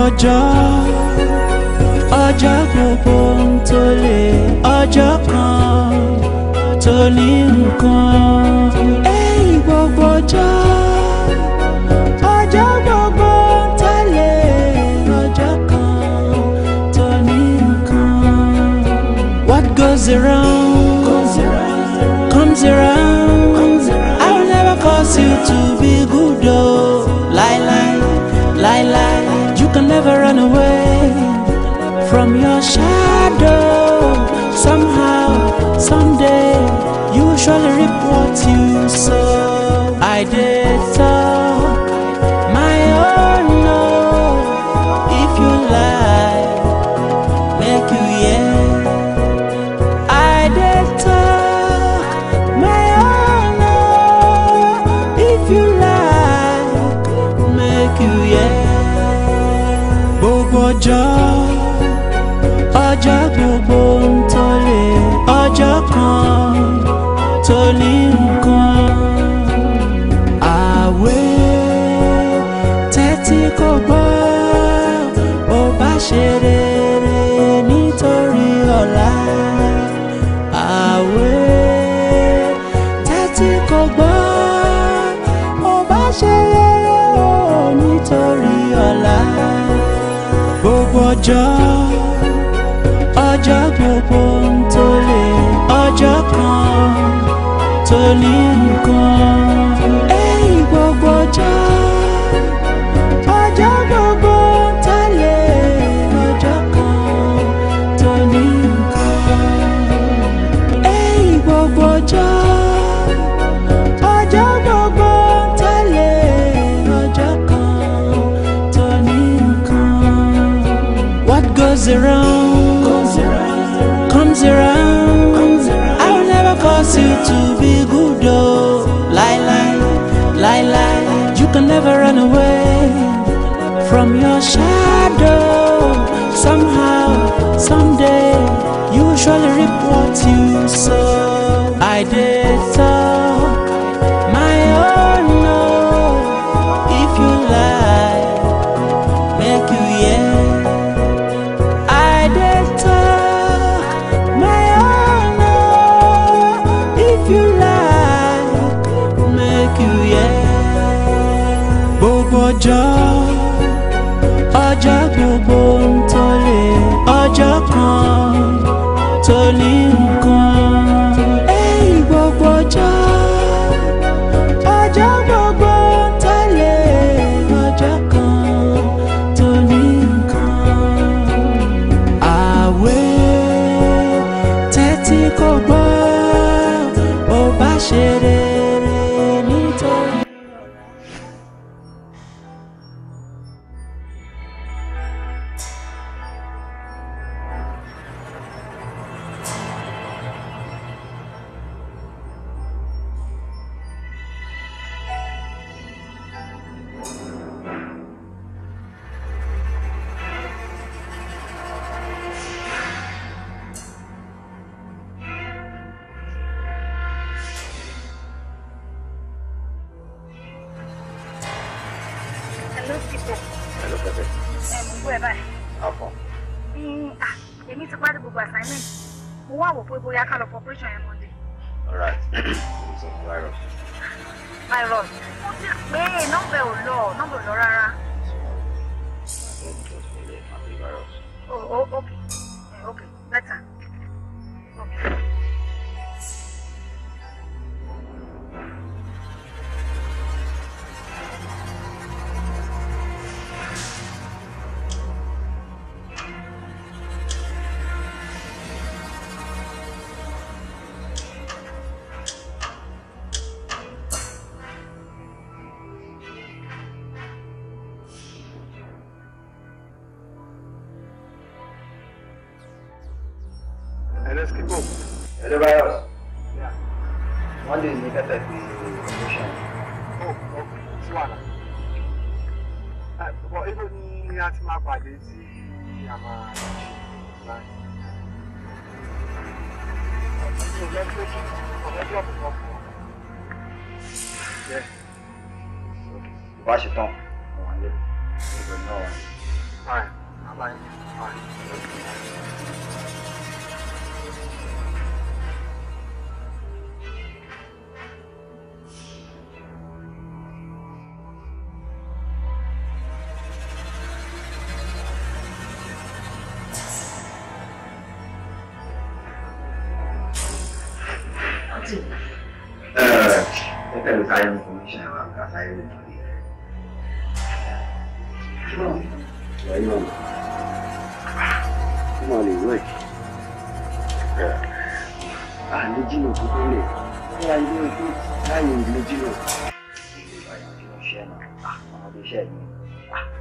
rọjọ́ ọjọ́ gbogbo ń tó lè ọjọ́ kan tó ní nǹkan ẹ̀yìn gbogbo ọjọ́ ọjọ́ gbogbo ń tó lè ọjọ́ What goes around comes around I will never force you to be good oh lie lie lie lie. I'll never run away from your shadow. Somehow, someday, you will surely reap what you sow. I did. ọjọ́ ọjọ́ gbogbo ń tó lè ọjọ́ kan tó never run away from your shadow. bá ṣe tán wọn lé nígbà náà wọn.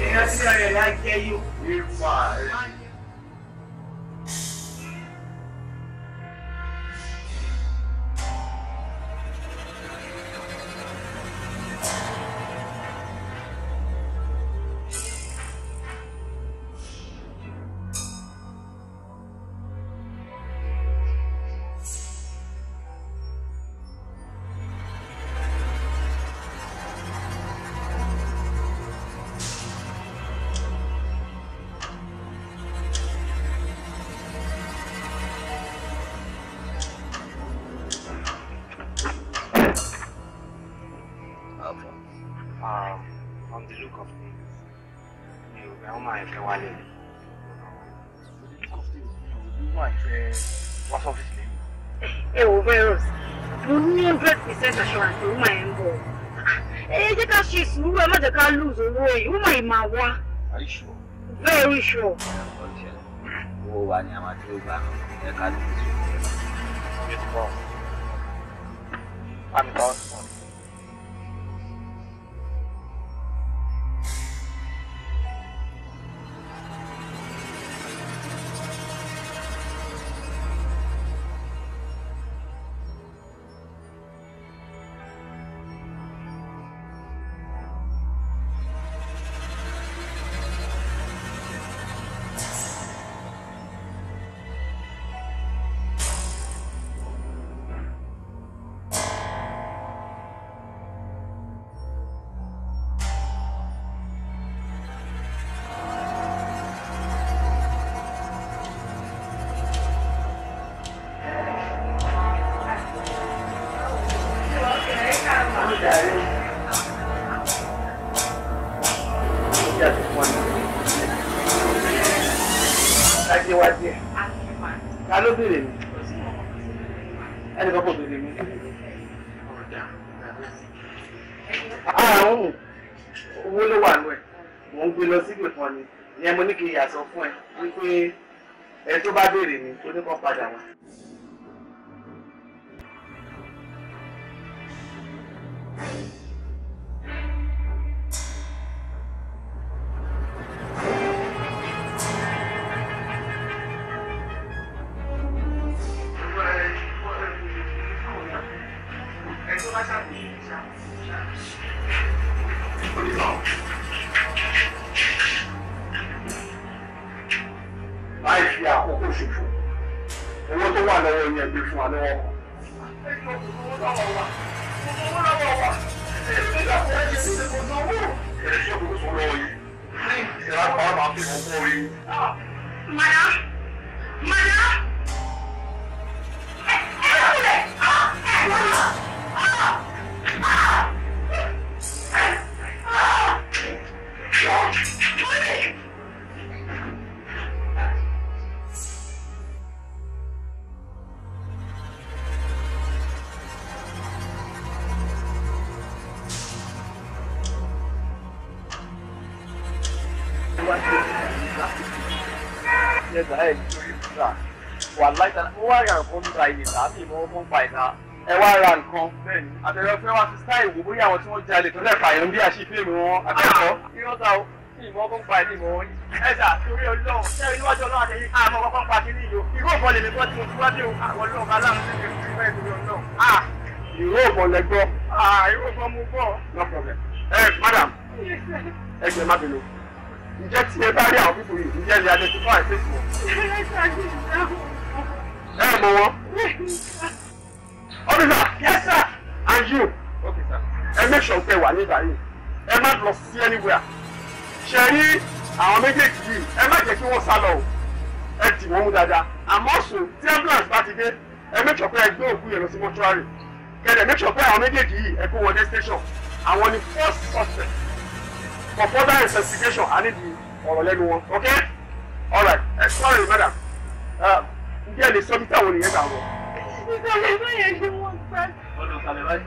Yes, I like you. You're fine. Diba? tó bá béèrè mi tó ní kàn padà wá. wá ra nǹkan níta ilé tàbí ìmọ̀ ọmọ pa ìta ẹ wá ra nǹkan bẹ́ẹ̀ ni àtẹ̀rẹ̀ fẹ́ wá sí sáì wò bóyá àwọn tí wọ́n jalè tó lẹ́ẹ̀ka yẹn bí àṣì fíìmù wọn akẹ́kọ̀ọ́ ah, irọ́ ta o ìmọ̀ ọmọ pa ìlú ìmọ̀ wọn ni. ẹ jà torí ọlọ́run sẹ́yìn níwájú ọlọ́run àtẹ̀yìn àmọ́ ah, ọkọ̀ pa kí ní ìlú ìró ìbọn lèmi gbọ́ tí mo ti wá dé àwọn ah, ọlọ́run aláàmú sí ìlú ìfẹ́ ìlú ọlọ́run. ìró ìbọn lẹ gbọ́. ìró ìbọn mo gbọ́. no problem. ẹ eh, madam ẹ jẹ má bínú ǹjẹ́ tí ẹ bá rí àwọn pípò yìí ǹjẹ́ lè adẹ́tífà ẹ̀ fẹ́ fún ọ ẹ mọ officer yes sir and you okay sir ẹ make sure pé wà ní ìbáyìí ẹ má lọ sí anywhere ṣe I àwọn méjèèjì yìí ẹ má jẹ́ kí wọ́n sá lọ o ẹ tì wọ́n mú dáadáa àmọ́ ambulance bá ti dé ẹ make sure pé ẹ gbé òkú yẹn lọ sí mọ́túárì kẹ̀dẹ̀ make sure pé àwọn méjèèjì yìí ẹ kó wọn dé station àwọn ni first suspect for further investigation i need the ọ̀rọ̀ lẹ́nu one. okay all right ẹ sorry madam. Uh, ǹjẹ́ ẹ lè sọ mi táwọn ènìyàn gbà wọ. ìsàlẹ̀ báyẹn ṣe wọ́n gbà. ọdún ìsàlẹ̀ báyìí.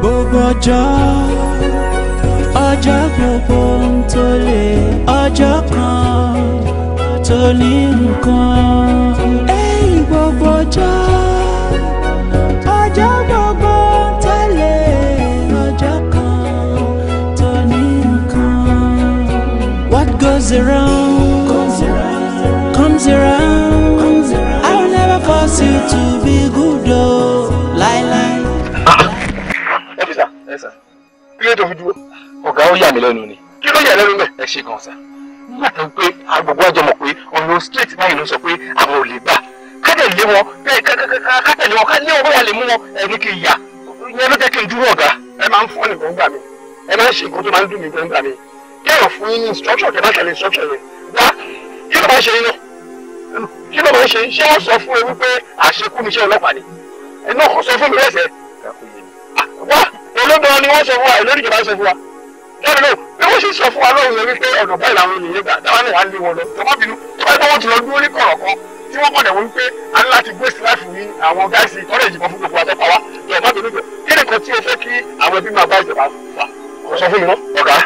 gbogbo ọjọ́ ọjọ́ gbogbo ń tó lè ọjọ́ kan tó ní nǹkan ẹ̀yìn gbogbo ọjọ́ ọjọ́ gbogbo. comes around, comes around, comes around. I'll never force you to be good oh, Lie, lie. Officer, yes sir. Kí ló tó fi dúró? Ọ̀gá Kilo ya, mí lẹ́nu ni. Kí ló yà lẹ́nu mẹ́? Ẹ ṣe gan sa. Nígbà tó ń pé agbègbè ọjọ́ mọ̀ pé ọ̀nà street báyìí ló sọ pé àwọn ò lè gbà. Ká tẹ̀lé wọn, ká tẹ̀lé wọn, ká lé wọn bóyá lè mú wọn ẹni kì í yà. Ìyẹn ló jẹ́ kí n dúró ọ̀gá. Ẹ máa ń fọ́ nìkan gbà mí. Ẹ máa ń ṣe nǹkan tó máa ń dùn mí gan yóò fún yín ní instruction tẹ́ bá tẹ̀lé instruction yẹn gbá kí ló máa ń ṣe yín náà kí ló máa ń ṣe ṣé wọ́n sọ fún ẹ wípé àṣekú níṣẹ́ ọlọ́pàá ni ẹ náà kò sọ fún mi lẹ́sẹ̀ wá olóbìnrin ni wọ́n sọ fún wa ìlú ìjọba sọ fún wa lẹ́nu náà bí wọ́n ṣe sọ fún wa lọ́wọ́ yẹn wípé ọ̀nà báyìí làwọn ènìyàn gbà táwọn náà á lé wọn lọ tọ́mọ́ bínú tọ́mọ́ bí wọ́n ti lọ dúró ní kọ̀rọ̀ kan tí wọ́n kọ̀dẹ̀ wọ́n pé a ní gbé síláàfù yìí àwọn gáàsì kọ́lẹ̀ ìjìnbọn fún gbogbo àtọ́pá wa lọ́ọ̀bá bínú gbẹ kí nìkan tí o fẹ́ kí àwọn ẹbí máa bá ìjọba wa kò sọ fún mi náà ọ̀gá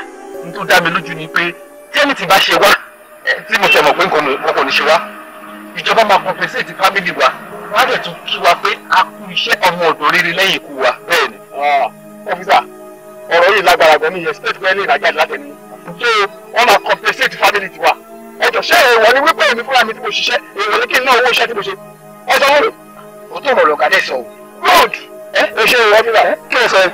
n dá mi lójú ni pé tí ẹni tí bá ṣe wá tí mo ṣe mọ̀ pé nǹkan kò ní ṣe wá ìjọba máa compensate family wa wọ́n á dẹ̀ tún kí wa pé a kú iṣẹ́ ọmọ ọ̀dọ̀ rere lẹ́yìn ikú wa bẹ́ẹ̀ ni. ọ́fíìsà ah, ọ̀rọ̀ yìí lágbára gan ni yẹn state wẹ́ẹ́ lè rajà látẹ̀ni. so wọ́n máa compensate family tiwa ẹjọ ṣé èèwọ̀ ni wípé èmi fúnra mi tí mo ṣiṣẹ́ èèwọ̀ ni kí n ná owó iṣẹ́ tí mo ṣe ọjọ́ wọ́n o tó rọ̀ lọ́gàdé sọ o. good ẹ ṣe ìwọ́n fífà kí ẹ sọ ẹ.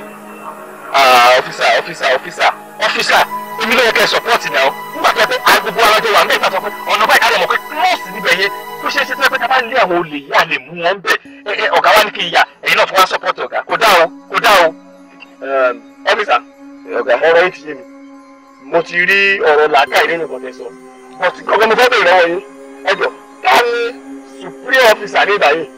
ọ́fíìsà ọ́fíìsà ọ́fíìsà ọ́fíìsà èmi ló yẹ kẹ́ ẹ sọ́pọ́ọ̀tì náà nígbà tó yẹ pé agogo alájọ wà nígbà tó pé ọ̀nà báyìí ká lè mọ̀ pé nọ́ọ̀sì níbẹ̀ yẹn ló ṣe é ṣe tó yẹ pé tábà lé àwọn olè yìí à lè mú wọn bẹ̀ ọ̀gá wa ní kí n yà ẹ̀yin náà fún wa sọ́pọ́ọ̀tì ọ̀gá kò dá o kò dá o. ọ́fíìsà ọ̀gá ọ̀rọ̀ yìí ti yé mi mo ti rí ọ̀rọ̀ làákà ìdí nìkan tẹ̀ sọ mo ti kọ́kọ́ mo fẹ́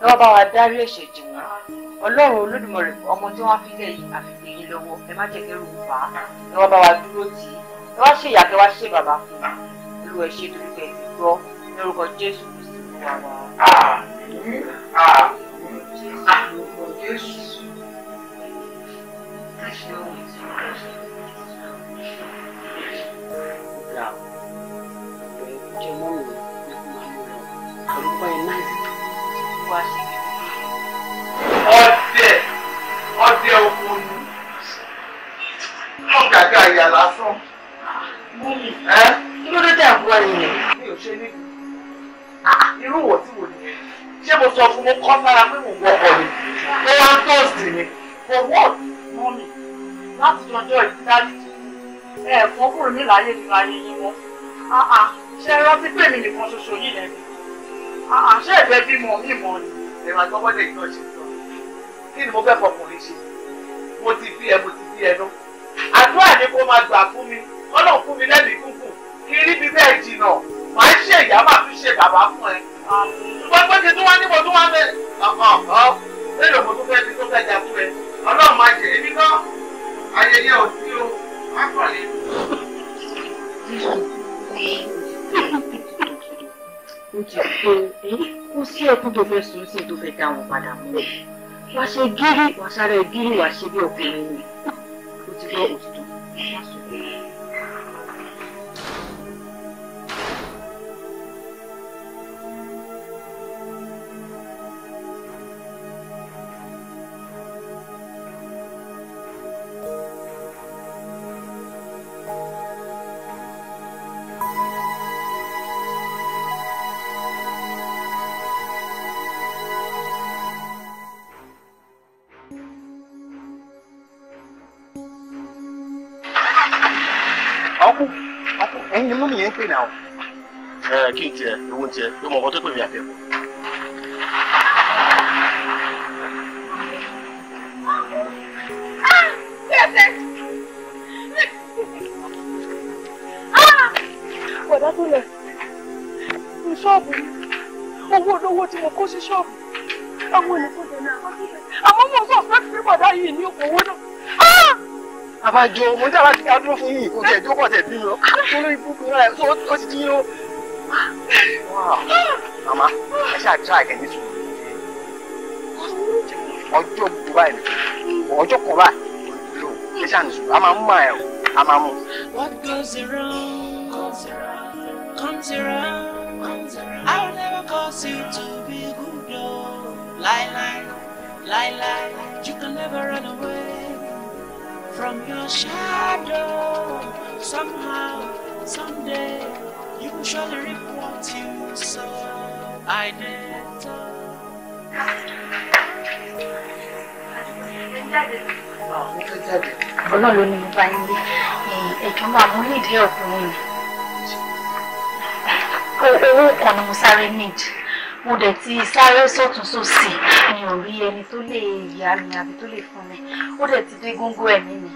ẹ wá bá wa dárí ẹ̀ṣẹ̀ jì wọ́n ọlọ́run olódùmarè ọmọ tí wọ́n fi lẹ̀ yìí àfi gbé yín lọ́wọ́ ẹ má jẹ́ kẹ́rù bà á ẹ wá bá wa dúró tì í ẹ wá ṣe ìyá kẹ wá ṣe bàbá fún un olùwẹ̀ ṣe torí pé ẹ ti gbọ́ lórúkọ jésù kristu wà wá. lórúkọ jésù olúwa ṣe kí ni. ọdẹ ọdẹ oko ni wọn gàgà àyà lásán. mọ́mí kí ló dé tẹ̀ àbúrò yẹn. mi ò ṣe níbi ah, irú wò tí wò ní ṣé mo sọ fún mo kọ́ sára pé mo wọ ọkọ mi mo wá ń tọ́sí for what mọ́mí láti jọjọ́ ìdílé ẹ̀ẹ̀kan kúrò níláyé nínú ayé yín wọn ṣe é rántí pé mi nìkan ṣoṣo yìí lẹ́nu àṣẹ ah, ẹ̀fẹ́ bímọ mímọ ni ẹ̀rọ àgbọ́mọdé yìí náà ṣe tán kí ni mo fẹ́ fọkùnrin ṣe mo ti bí ẹ mo ti bí ẹ nú àdúrà ni kó máa gbà fún mi ọlọ́run fún mi lẹ́mìí kúkú kí rí mi bẹ́ẹ̀ jìnnà màá ṣe ìyá màá tún ṣe bàbá fún tó fẹ́ sun sí tó fẹ́ dá wọn padà mọ́ wá ṣe gírí wá sáré gírí wá ṣe bí ọkùnrin ni ó ti gbọ́ òṣèlú. jó mo ní sábà ti adúró fún yìí kò tẹ̀ kò tẹ̀ bí tó ah, lórí búkú náà tó ó ti dín o. màmá ẹ ṣáà tí àgẹ̀ ní sùn ọjọ́ dubai ọjọ́ kan báyìí ẹ ṣáà ní a máa mú màá ẹ a máa mú. What goes around comes around I will never cause you to be good o lie lie lie lie you can never run away from your shadow. Somehow, someday, you will surely reap what you sow. I did. Ọlọ́run ló bá yín gbé ẹ̀jọ̀ máa mú nídìí ọkùnrin mi. Owó kan ni mo sáré nídìí mo dẹ̀ ti sáré sọ́tún sósì mi ò rí ẹni tó lè yá mi àbí tó lè fún mi ó dẹ̀ ti dé góńgó ẹ̀mí mi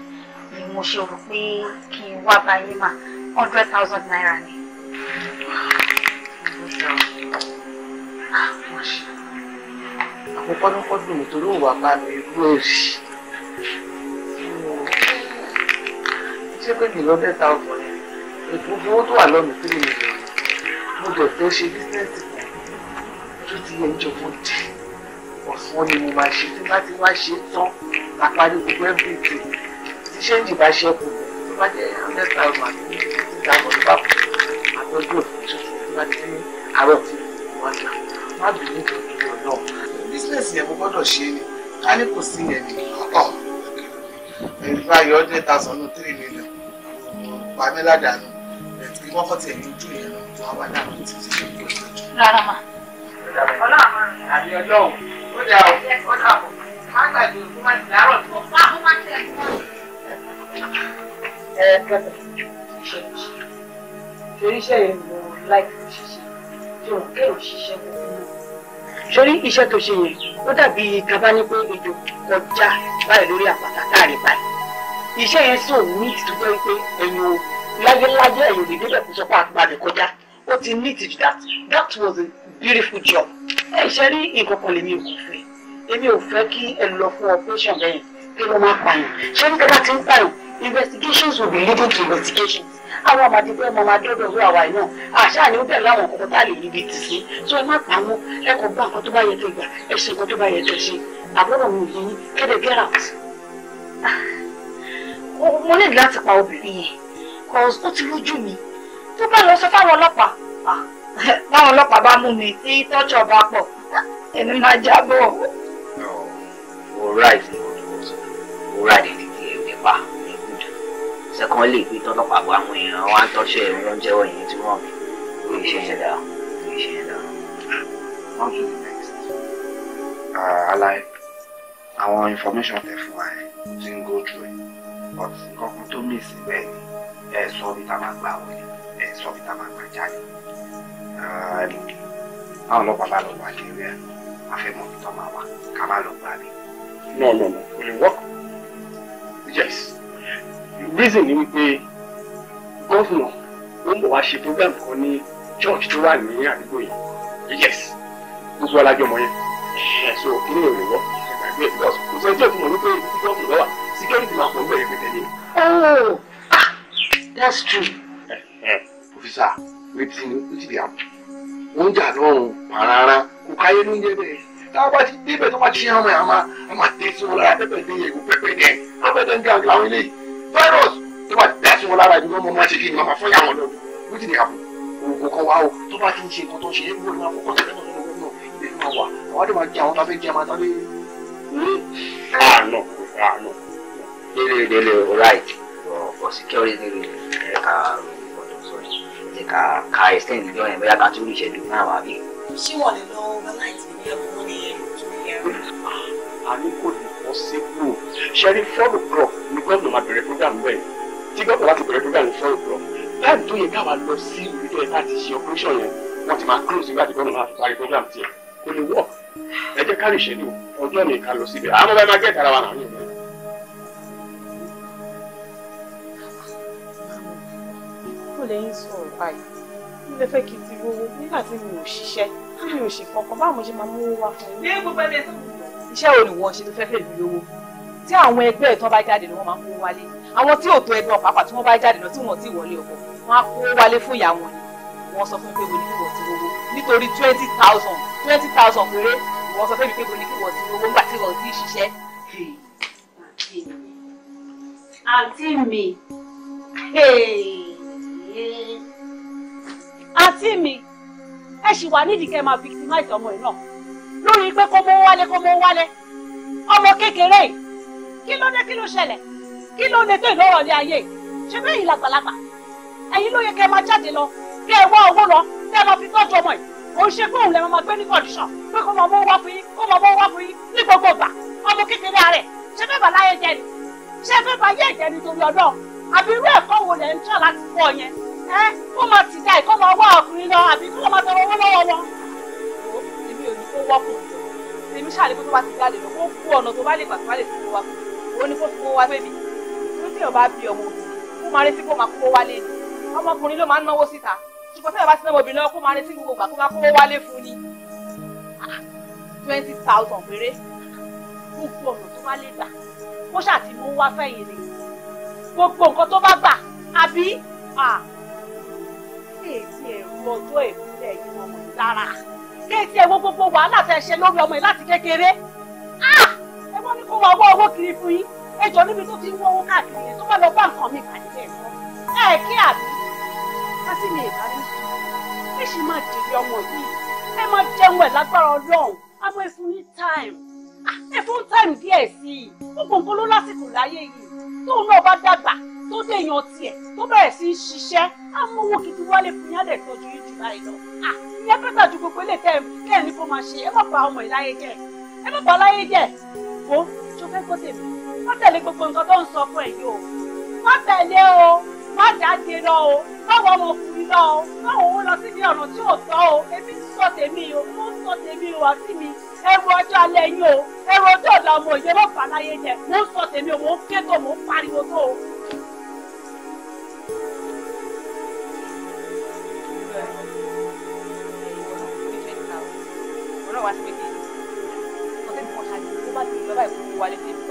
ni mo ṣe rò pé kí n wá báyé mà hundred thousand naira ni. àkókò lọ́kọ́ dùn mí torí òwà bá mi rú òsì ṣé pé mi lọ́dẹ̀ ta ọkùnrin ètò owó tó wà lọ́nà tó lè lò mo jọ tó ṣe bísíǹsì tó ti yẹ ìjọ mo jẹ ọ̀sán ni mo máa ṣe tí bá ti wá ṣe tán àparí gbogbo everything tí ṣéǹjì bá ṣe kù tó bá jẹ hundred thousand àti fifty thousand bá kù àtọ́jú òfin tuntun tó bá ti ní àárọ̀ tí mo gbà má bínú tó ń lò náà. yẹn mo gbọ́dọ̀ ṣe ni ká ní kò sí yẹn ni ọ̀ ẹ̀rí yọ hundred thousand ní three million pamela dànù ẹ̀tì wọ́n kọ́ tiẹ̀ ní ojú yẹn lọ́wọ́ àmì ọlọ́run ó dà ó ó dà ó tó ṣe yẹn ó dàbí kaba ní pé ejò kọjá báyìí lórí àpáta káàrí báyìí iṣẹ́ yẹn sì ò ní ìtújọ́ wípé ẹ̀yin o láyéláyé ẹ̀yin ò lè débẹ̀ kó sọ pé kọjá ó ti ní ìtìjú that that was a beautiful job ẹ ṣe rí nǹkan kan lèmi ò kò fẹ́ èmi ò fẹ́ kí ẹ lọ fún operation bẹ́ẹ̀ kí ló máa pààyàn ṣé nígbà bá ti ń pààyàn investigations will be leading to investigations àwọn ọmọdé bẹ́ẹ̀ mọ máa dọ́dọ̀ owó àwa náà àṣà ni ó bẹ̀rẹ̀ láwọn kọ̀ọ̀kan tá a lè níbi tì sí so ẹ má pa wọn ẹ kò gbọ́ nǹkan tó bá yẹ tó gbà ẹ ṣe nǹkan tó bá yẹ tó ṣe àbúrò mi yìí kéde get out. mo ní láti pa obìnrin yẹn cause ó ti lójú mi tó bá lọ sọ fáwọn ọlọ́pàá ah, báwọn ọlọ́pàá bá mú mi tí tọ́jọ́ bá pọ̀ èmi máa jábọ̀. ọ̀rá ìfún ọ̀rá ìdí ti ẹ̀mí pa ní gùdù sẹ́kọ́n lè gbé tọ́lọ́pàá bá àwọn èèyàn wá ń tọ́ṣẹ́ ẹ̀rọ ń jẹ́wọ́ ìyẹn tí wọ́n mi kò ṣe yẹn dáa kò ṣe yẹn dáa. wọ́n tún ní next. Ah, alaye àwọn information tẹ fún wa ti ń go through ẹ but nǹkan kan tó mí sí bẹ́ẹ̀ ni ẹ sọ bí tá a wọlé ẹ sọ bí tá a jáde ààrẹ àwọn ọlọ́pàá bá lọ wà lérí ẹ̀ àfẹ́mọ́ tó máa wà ká má lọ gbà ní. no no no kò lè work yes reason ni wípé gọ́fìnà ó ń bọ̀ wá ṣe program kan ní church tó wà ní àdúgbò yìí yes gbogbo alájọ ọmọ yẹn so kí ni ò lè work ìgbàgbé because kò sẹ́ni tó ti mọ̀ wípé gọ́fìnà government, security máa pọ̀ ń bẹ̀rẹ̀ pẹ̀tẹ́ ni. oh ah that's true. ẹ ẹ òfìsà wetin wetin dey happen wọ́n ń jà lọ́rùn pàràrà kò káyé ló ń yẹ bẹ́ẹ̀ táwọn bá ti débẹ̀ tó bá ti ṣe àwọn ẹ̀ àmà àmà dé wọn lára pẹ́pẹ́ dé ìwò pẹ́pẹ́ dé pẹ́pẹ́ dé nǹkan àwọn ilé virus tó bá dá sí wọn lára ìdúró ọmọ máa ṣe kí ni wọn máa fọ́ yàwọn lọ wọ́n ti dìgbà òògùn kan wá o tó bá ti ń ṣe nǹkan tó ń ṣe é wọ́n máa fọ́kàn tẹ́lẹ̀ náà lọ́wọ́ ilé right for security ká ká extend lọ yẹn bóyá ká tún lè ṣẹ́jú náà wà bí. ṣé wọ́n lè lọ overnight ní ẹ̀kọ́ ní ẹ̀rọ àní kò lè bọ́ sípò ṣẹ́rí four o'clock ni gómìnà máa bẹ̀rẹ̀ program bẹ́ẹ̀ tí gómìnà bá bẹ̀rẹ̀ program four o'clock táìmù tó yẹ káwa lọ sí ìlú tó yẹ láti ṣe operation yẹn wọ́n ti máa close nígbà tí gómìnà máa parí program tiẹ̀ kò lè wọ̀ ẹ jẹ́ ká lè ṣẹ́dù ọjọ́ mi báwo lẹ́yìn sọ̀rọ̀ báyìí mo lè fẹ́ kí n ti rówó nígbà tí mi ò ṣiṣẹ́ tí mi ò ṣe kankan báwo mo ṣe máa mówó wá fún mi. ṣé gbogbo ẹgbẹ́ tó ń bọ̀. iṣẹ́ wo ni wọ́n ṣe tó fẹ́ fẹ́ mi lówó tí àwọn ẹgbẹ́ ẹ̀ tó bá jáde ni wọ́n máa ń kó wálé àwọn tí ò tó ẹgbẹ́ ọ̀pá pàtó wọ́n bá jáde lọ tí wọ́n ti wọlé ọkọ̀ wọ́n á kó wálé fún ìyá wọn ni wọ́n sọ fún pé wo ni kí wọ́n ti rówó nítorí twenty thousand twenty thousand péré wọ́n sọ fún mi pé wo ni kí wọ́n ti rówó nígbà tí wọ́n ti ṣiṣẹ́ àǹtí mi àǹtí mi ẹ sì wà nídìí kẹ́ máa victimize ọmọ ẹ̀ náà lórí pé kó mọ́ wálé kó mọ́ wálé ọmọ kékeré kí ló dé kí ló ṣẹlẹ̀ kí ló dé tó ìlọrọ̀ ní ayé ṣe bẹ́ẹ̀ yìí làgbàlagbà ẹ̀yin ló yẹ kẹ́ máa jáde lọ kẹ́ ẹ wá owó lọ kẹ́ ẹ máa fi tọ́jú ọmọ yìí òun ṣe pé òun lè máa gbé ní condition pé kó máa mọ́ wá fún yín kó máa mọ́ wá fún yín ní gbogbo ìgbà ọmọ kékeré rẹ̀ ṣe fẹ́ bàláyé jẹ ni ṣe fẹ́ bàyé jẹ ni torí ọlọ́run àbí irú ẹ̀kọ́ wo lẹ̀ ń tàn láti kọ́ yẹn ẹ kó máa ti dá ìkọ́ máa wá ọkùnrin lọ àbí kó máa tọrọ owó lọ́wọ́ wọn. èmi ò ní kó wọ́pọ̀ jù èmi ṣàlẹ́ kó tó bá ti dá lọ kó kú ọ̀nà tó bá lè gbà tó bá lè fowó wa ó ní kó fowó wa bẹ́ẹ̀ mi tó tí ò bá bí ọmọ òbí kó máa retí kó máa kówó wálé ni ọmọkùnrin ló máa ń náwó síta ṣùgbọ́n tẹ́lẹ̀ bá ti náwó obìnrin lọ́wọ́ kó máa gbogbo nǹkan tó bá gbà àbí kéètì ẹ̀ mọ́tò ìpínlẹ̀ yìí ọmọ ìlara kéètì ẹ̀ wo gbogbo wàhálà tẹ̀ ṣe lórí ọmọ yìí láti kékeré ẹ wọ́n ní kó wọ́n wọ́ owó kiri fún yín ejò níbi tó ti ń wọ́wọ́ káàkiri yẹn tó bá lọ bá nǹkan mi pàdé ẹ̀ sọ ẹ kí àbí kásì mi ìbá mi sùn ẹ sì máa dèrè ọmọ yìí ẹ máa jẹun ẹ̀ lágbára ọlọ́run àmọ́ ẹ fún ní táìmù ẹ fún táìmù díẹ̀ sí i gbogbo nǹkan ló lásìkò láyé yìí tóun náà bá dàgbà tó dé èèyàn tiẹ̀ tó bẹ̀rẹ̀ sí í ṣiṣẹ́ á mú owó gidi wálé fún yín àdẹ̀ tọ́jú yín jù báyìí lọ. ìyẹn bẹ́tà ju gbogbo ilé tẹ́ ẹ̀ ní kó máa ṣe ẹ má bà ọmọ ìláyé jẹ́ ẹ má bà láyé jẹ́ o ṣo fẹ́ gbọ́ tèmi má tẹ̀lé gbogbo nǹkan tó ń sọ fún ẹ̀ yìí o má tẹ̀lé o má dáde lọ o báwo ọmọkùnrin lọ o báwo owó lọ síbi ọ̀nà tí ò tọ́ o èmi ń sọ tèmi o mo ń sọ tèmi o àti mi ẹrù ọjọ́ alẹ́ yín o ẹrù ọjọ́ ọ̀la ọmọ ìyá ló fà láyé jẹ mo ń sọ tèmi o mo ń ké tó mo ń pariwo tó o.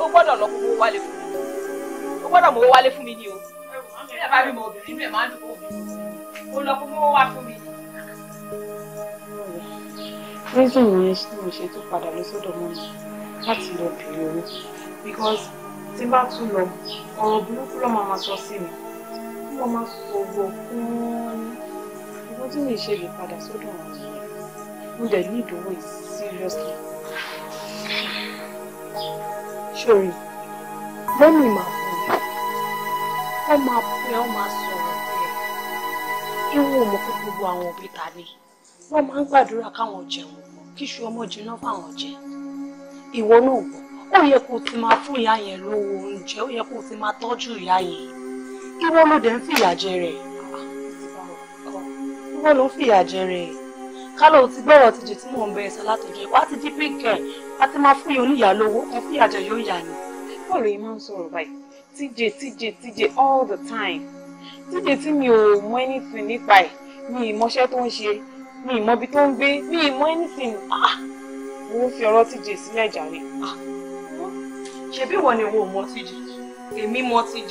o gbọ́dọ̀ lọ kó wálé fún mi o gbọ́dọ̀ mọ wálé fún mi ni o ẹ̀ bá bímọ obìnrin bẹ̀ máa ń dùn òbí mi ó lọ kó mọ́wọ́ wá fún mi. reason yẹn tí mo ṣe tún padà lọ sọ́dọ̀ mọ́ mi láti lọ bèrè owó because tí bá tún lọ ọ̀rọ̀ burúkú lọ́ máa ma sọ sí mi bí wọ́n máa sọ̀rọ̀ fún owó tí mi ṣe lè padà sọ́dọ̀ wọn mo dẹ̀ ní ìdánwò yìí seriously. Sorry, lẹ́nu ìmọ̀ wọ́n máa pẹ́ wọ́n máa sọ̀rọ̀ bẹ́ẹ̀ ìwọ̀n ò mọ̀ pé gbogbo àwọn òbí ta ni wọ́n máa ń gbàdúrà káwọn jẹun kíṣu ọmọ jiná fáwọn jẹ ìwọ náà gbọ́ ó yẹ kó o ti máa fún ìyá yẹn lówó oúnjẹ ó yẹ kó o ti máa tọ́jú ìyá yẹn ìwọ ló dẹ̀ ń fìyà jẹ rẹ̀ ìwọ ló ń fìyà jẹ rẹ̀ kálọ̀ ti gbọ́rọ̀ ti jù tí mò ń bẹ ẹsẹ̀ látọjọ́ wá ti jí pínkẹ̀ wá ti máa fún yẹn oníyàá kan fìyà jẹ yóò yà ni. bọ́ọ̀lù yìí máa ń sọ̀rọ̀ báyìí. TJ TJ TJ all the time TJ tí mi ò mọ anything nípa ẹ̀ mi ìmọṣẹ́ tó ń ṣe mi ìmọ ibi tó ń gbé mi ìmọ anything ah! mo ń fi ọ̀rọ̀ TJ sílẹ̀ jàre. Ah! ṣebí ìwọ ni ìwọ ò mọ TJ èmi mọ TJ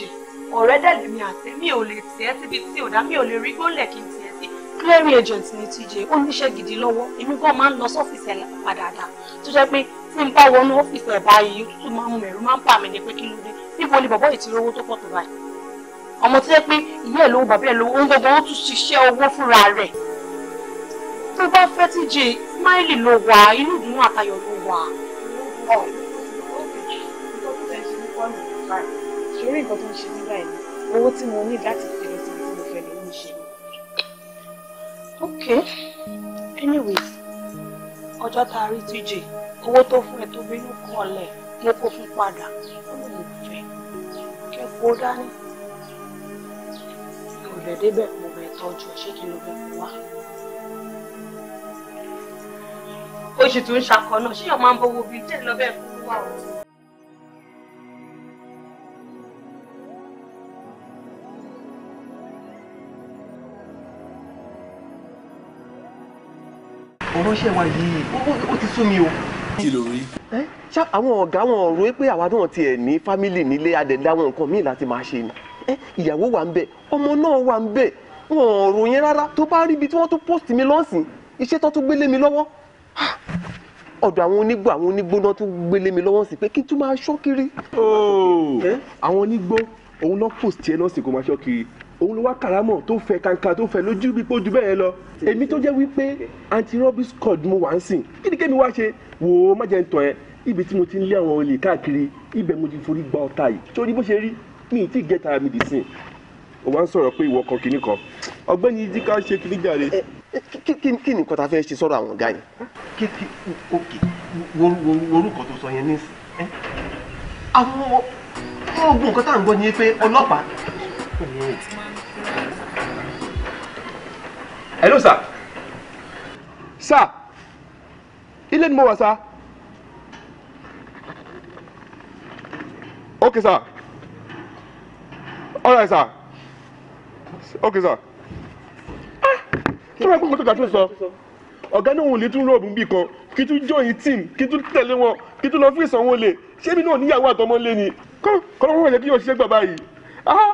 ọ̀rẹ́ dẹ̀lú mi àti mi ò lè tiẹ́ síbi tí ò dá mi ò lè rí gbólẹ̀ kí n tiẹ́ sí. clearing agent ni TJ ó níṣẹ́ gidi lọ́wọ́ èmi gan máa ń lọ sọ́fíìsì ẹ̀ lápá dáadáa tó jẹ́ pé tí n bá office ọ́fíìsì ẹ̀ báyìí tútù máa ń mẹ̀rú máa ń bà mí ní pé kí ló níbo ni bàbá yìí ti rówó tó pọ̀ tó báyìí ọmọ tó yẹ pé ìyá ẹ̀ lówó bàbá ẹ̀ lówó ń gbogbo ó tún ṣiṣẹ́ owó fúnra rẹ̀ tó bá fẹ́ tí jẹ máìlì ló wà inú ìdùnnú àtayọ̀ ló wà. ṣorí nǹkan tó ń ṣe nígbà yìí owó tí mo ní láti fi lọ sí tí mo fẹ́ lè ń ṣe. okay anyways ọjọ́ tá a rí tíjì owó tó fún ẹ tó bínú kọ́ ọ̀lẹ̀ mo kó fún padà kó dání mi ò lè débẹ̀ mo bẹ̀ tọ́jú ẹ̀ ṣé kí ló bẹ̀ kó wá. ó sì tún ń ṣakọ náà ṣé ọmọ àbọ̀wò bíi tẹ̀ lọ́bẹ̀ kó wá o. ọ̀rọ̀ ṣẹ̀wá yìí ó ti sú mi o kí ló rí. ṣá àwọn ọ̀gá wọn ọ̀rọ̀ pé àwa náà tiẹ̀ ní fámìlì nílé adẹ̀dá wọn nǹkan míì láti máa ṣe ni ìyàwó wà ń bẹ ọmọ náà wà ń bẹ wọn ọ̀rọ̀ yẹn rárá tó bá rí ibi tí wọ́n tún post mi lọ́sìn iṣẹ́ tó tún gbélé mi lọ́wọ́ ọ̀dọ̀ àwọn onígbò àwọn onígbò náà tún gbélé mi lọ́wọ́ sí pé kí n tún máa ṣọ́ kiri. Oh! àwọn onígbò òun náà post ẹ náà sì kó máa ṣọ́ kiri òun ló wá karamọ tó fẹ́ kankan tó fẹ́ lójú bí pójú bẹ́ẹ̀ lọ èmi tó jẹ́ wípé anti rubbish squad mo wà ń sìn kí ni kémi wá ṣe wò ó má jẹ́ ń tọ̀ ẹ́ ibi tí mo ti ń lé àwọn olè káàkiri ibẹ̀ mo ti forí gba ọ̀tá yìí torí bó ṣe rí mi ì tí ì gẹ́ta mi dì sìn ò wá ń sọ̀rọ̀ pé ìwọ kan kìíní kan ọgbẹ́ni yìí ká ṣe kìíní jàre. kí ni nǹkan tá a fẹ́ ṣe sọ̀rọ̀ àwọn ọ̀gá yẹn. kí kí òkè orúkọ tó sọ yẹn ní àwọn ogun nǹkan tá à ń gbọ́ ni pé ọlọ́pàá hello sir sir ilé ni mo wà sir okay sir all right sir okay sir tí wọ́n gbọ́dọ̀ tó sọ ọ̀gá náà òun lè tún rọ̀bù bí kan kí tún join team kí tún tẹ̀lé wọn kí tún lọ fún ìsanwó lè ṣé mi náà níyàwó àtọmọ́ lé ni kọ́ kọ́ lọ́wọ́ yẹ kí yóò ṣiṣẹ́ gbà báyìí. Ah,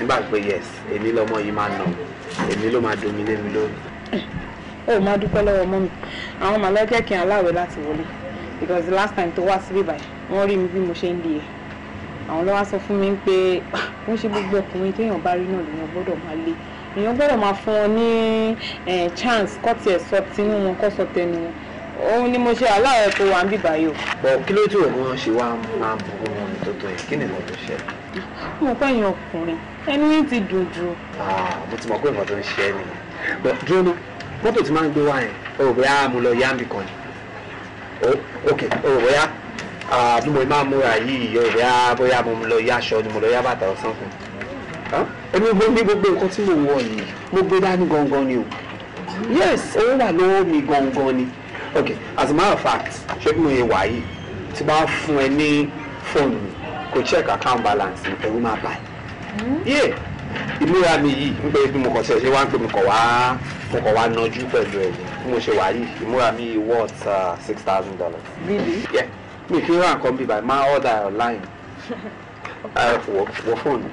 tí n bá pé yes èmi lọmọ yìí máa nà èmi ló máa domi lé mi lórí. ó máa dúpẹ́ lọ́wọ́ mọ́ mi àwọn màlá jẹ́ kí n aláwẹ̀ láti wọlé because the last time tó wá síbí báyìí wọ́n rí mi bí mo ṣe ń di ẹ̀ àwọn lọ́wọ́ sọ fún mi pé wọ́n ah, ṣe gbogbo ọkùnrin téèyàn bá rí náà lèèyàn gbọ́dọ̀ máa lé èèyàn gbọ́dọ̀ máa fún ọ ní chance kọ́ tiẹ̀ sọ tinú wọn kọ́ sọ tẹnu wọn òun ni mo ṣe aláwọ̀ ẹ̀kọ́ wa ń bíbáyò. bọ̀ kí ló tí òògùn ṣe wá máa bù wọn tó tó yẹ kí mo pẹ́ yan ọkùnrin ẹni yín ti dùn jù. Ah, mo ti mọ̀ pé nǹkan tó ń ṣe ni dúró ní mọ́tò tí máa ń gbé wá yẹn o ò bóyá mo lọ yáàmì kan ni ok o ò bóyá ah, bí mo máa múra yìí o ò bóyá bóyá mo lọ yá aṣọ ni mo lọ yá bàtà ọ̀sán fún ah, ẹni mo gbogbo nǹkan tí mo wọ yìí mo gbé dání gangan ni o yes owó wà lọ́wọ́ mi gangan ni ok as a matter of fact ṣé mo yẹ wà yìí tí bá fún ẹ ní fóònù mi kò check account balance ẹ̀rù máa bá yé ìmúra mi yìí ń pè bí mo kàn ṣe ṣe wá ń pè mo kàn wá mo kàn wá nájú pẹ̀lú ẹ̀ bí mo ṣe wà yìí ìmúra mi yìí worth uh, six thousand dollars. really? yeah mi kì í ra nǹkan bíbá máa order online wọ fóònù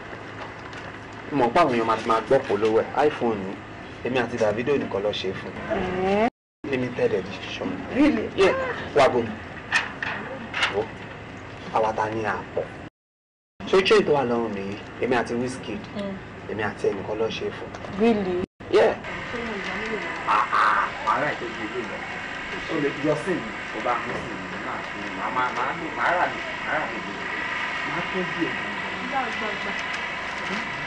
mọ̀ pé àwọn èèyàn máa ti máa gbọ́ polówó ẹ̀ iPhone èmi àti Davido nìkan lọ ṣe fún un limited edition. really? yeah wàá bomi àwa ta ni àpọ̀ ṣé trade tó wà lọ́rùn rèé èmi àti Wizkid èmi àti ẹnìkan lọ́ọ́ ṣe fún. really. yeah. àárẹ̀ tó di ilé lọ ó lè yọ sí mi kó bá mú sí mi máa fi máa máa máa lò máa rà lò máa rà lò máa tó bí èmi.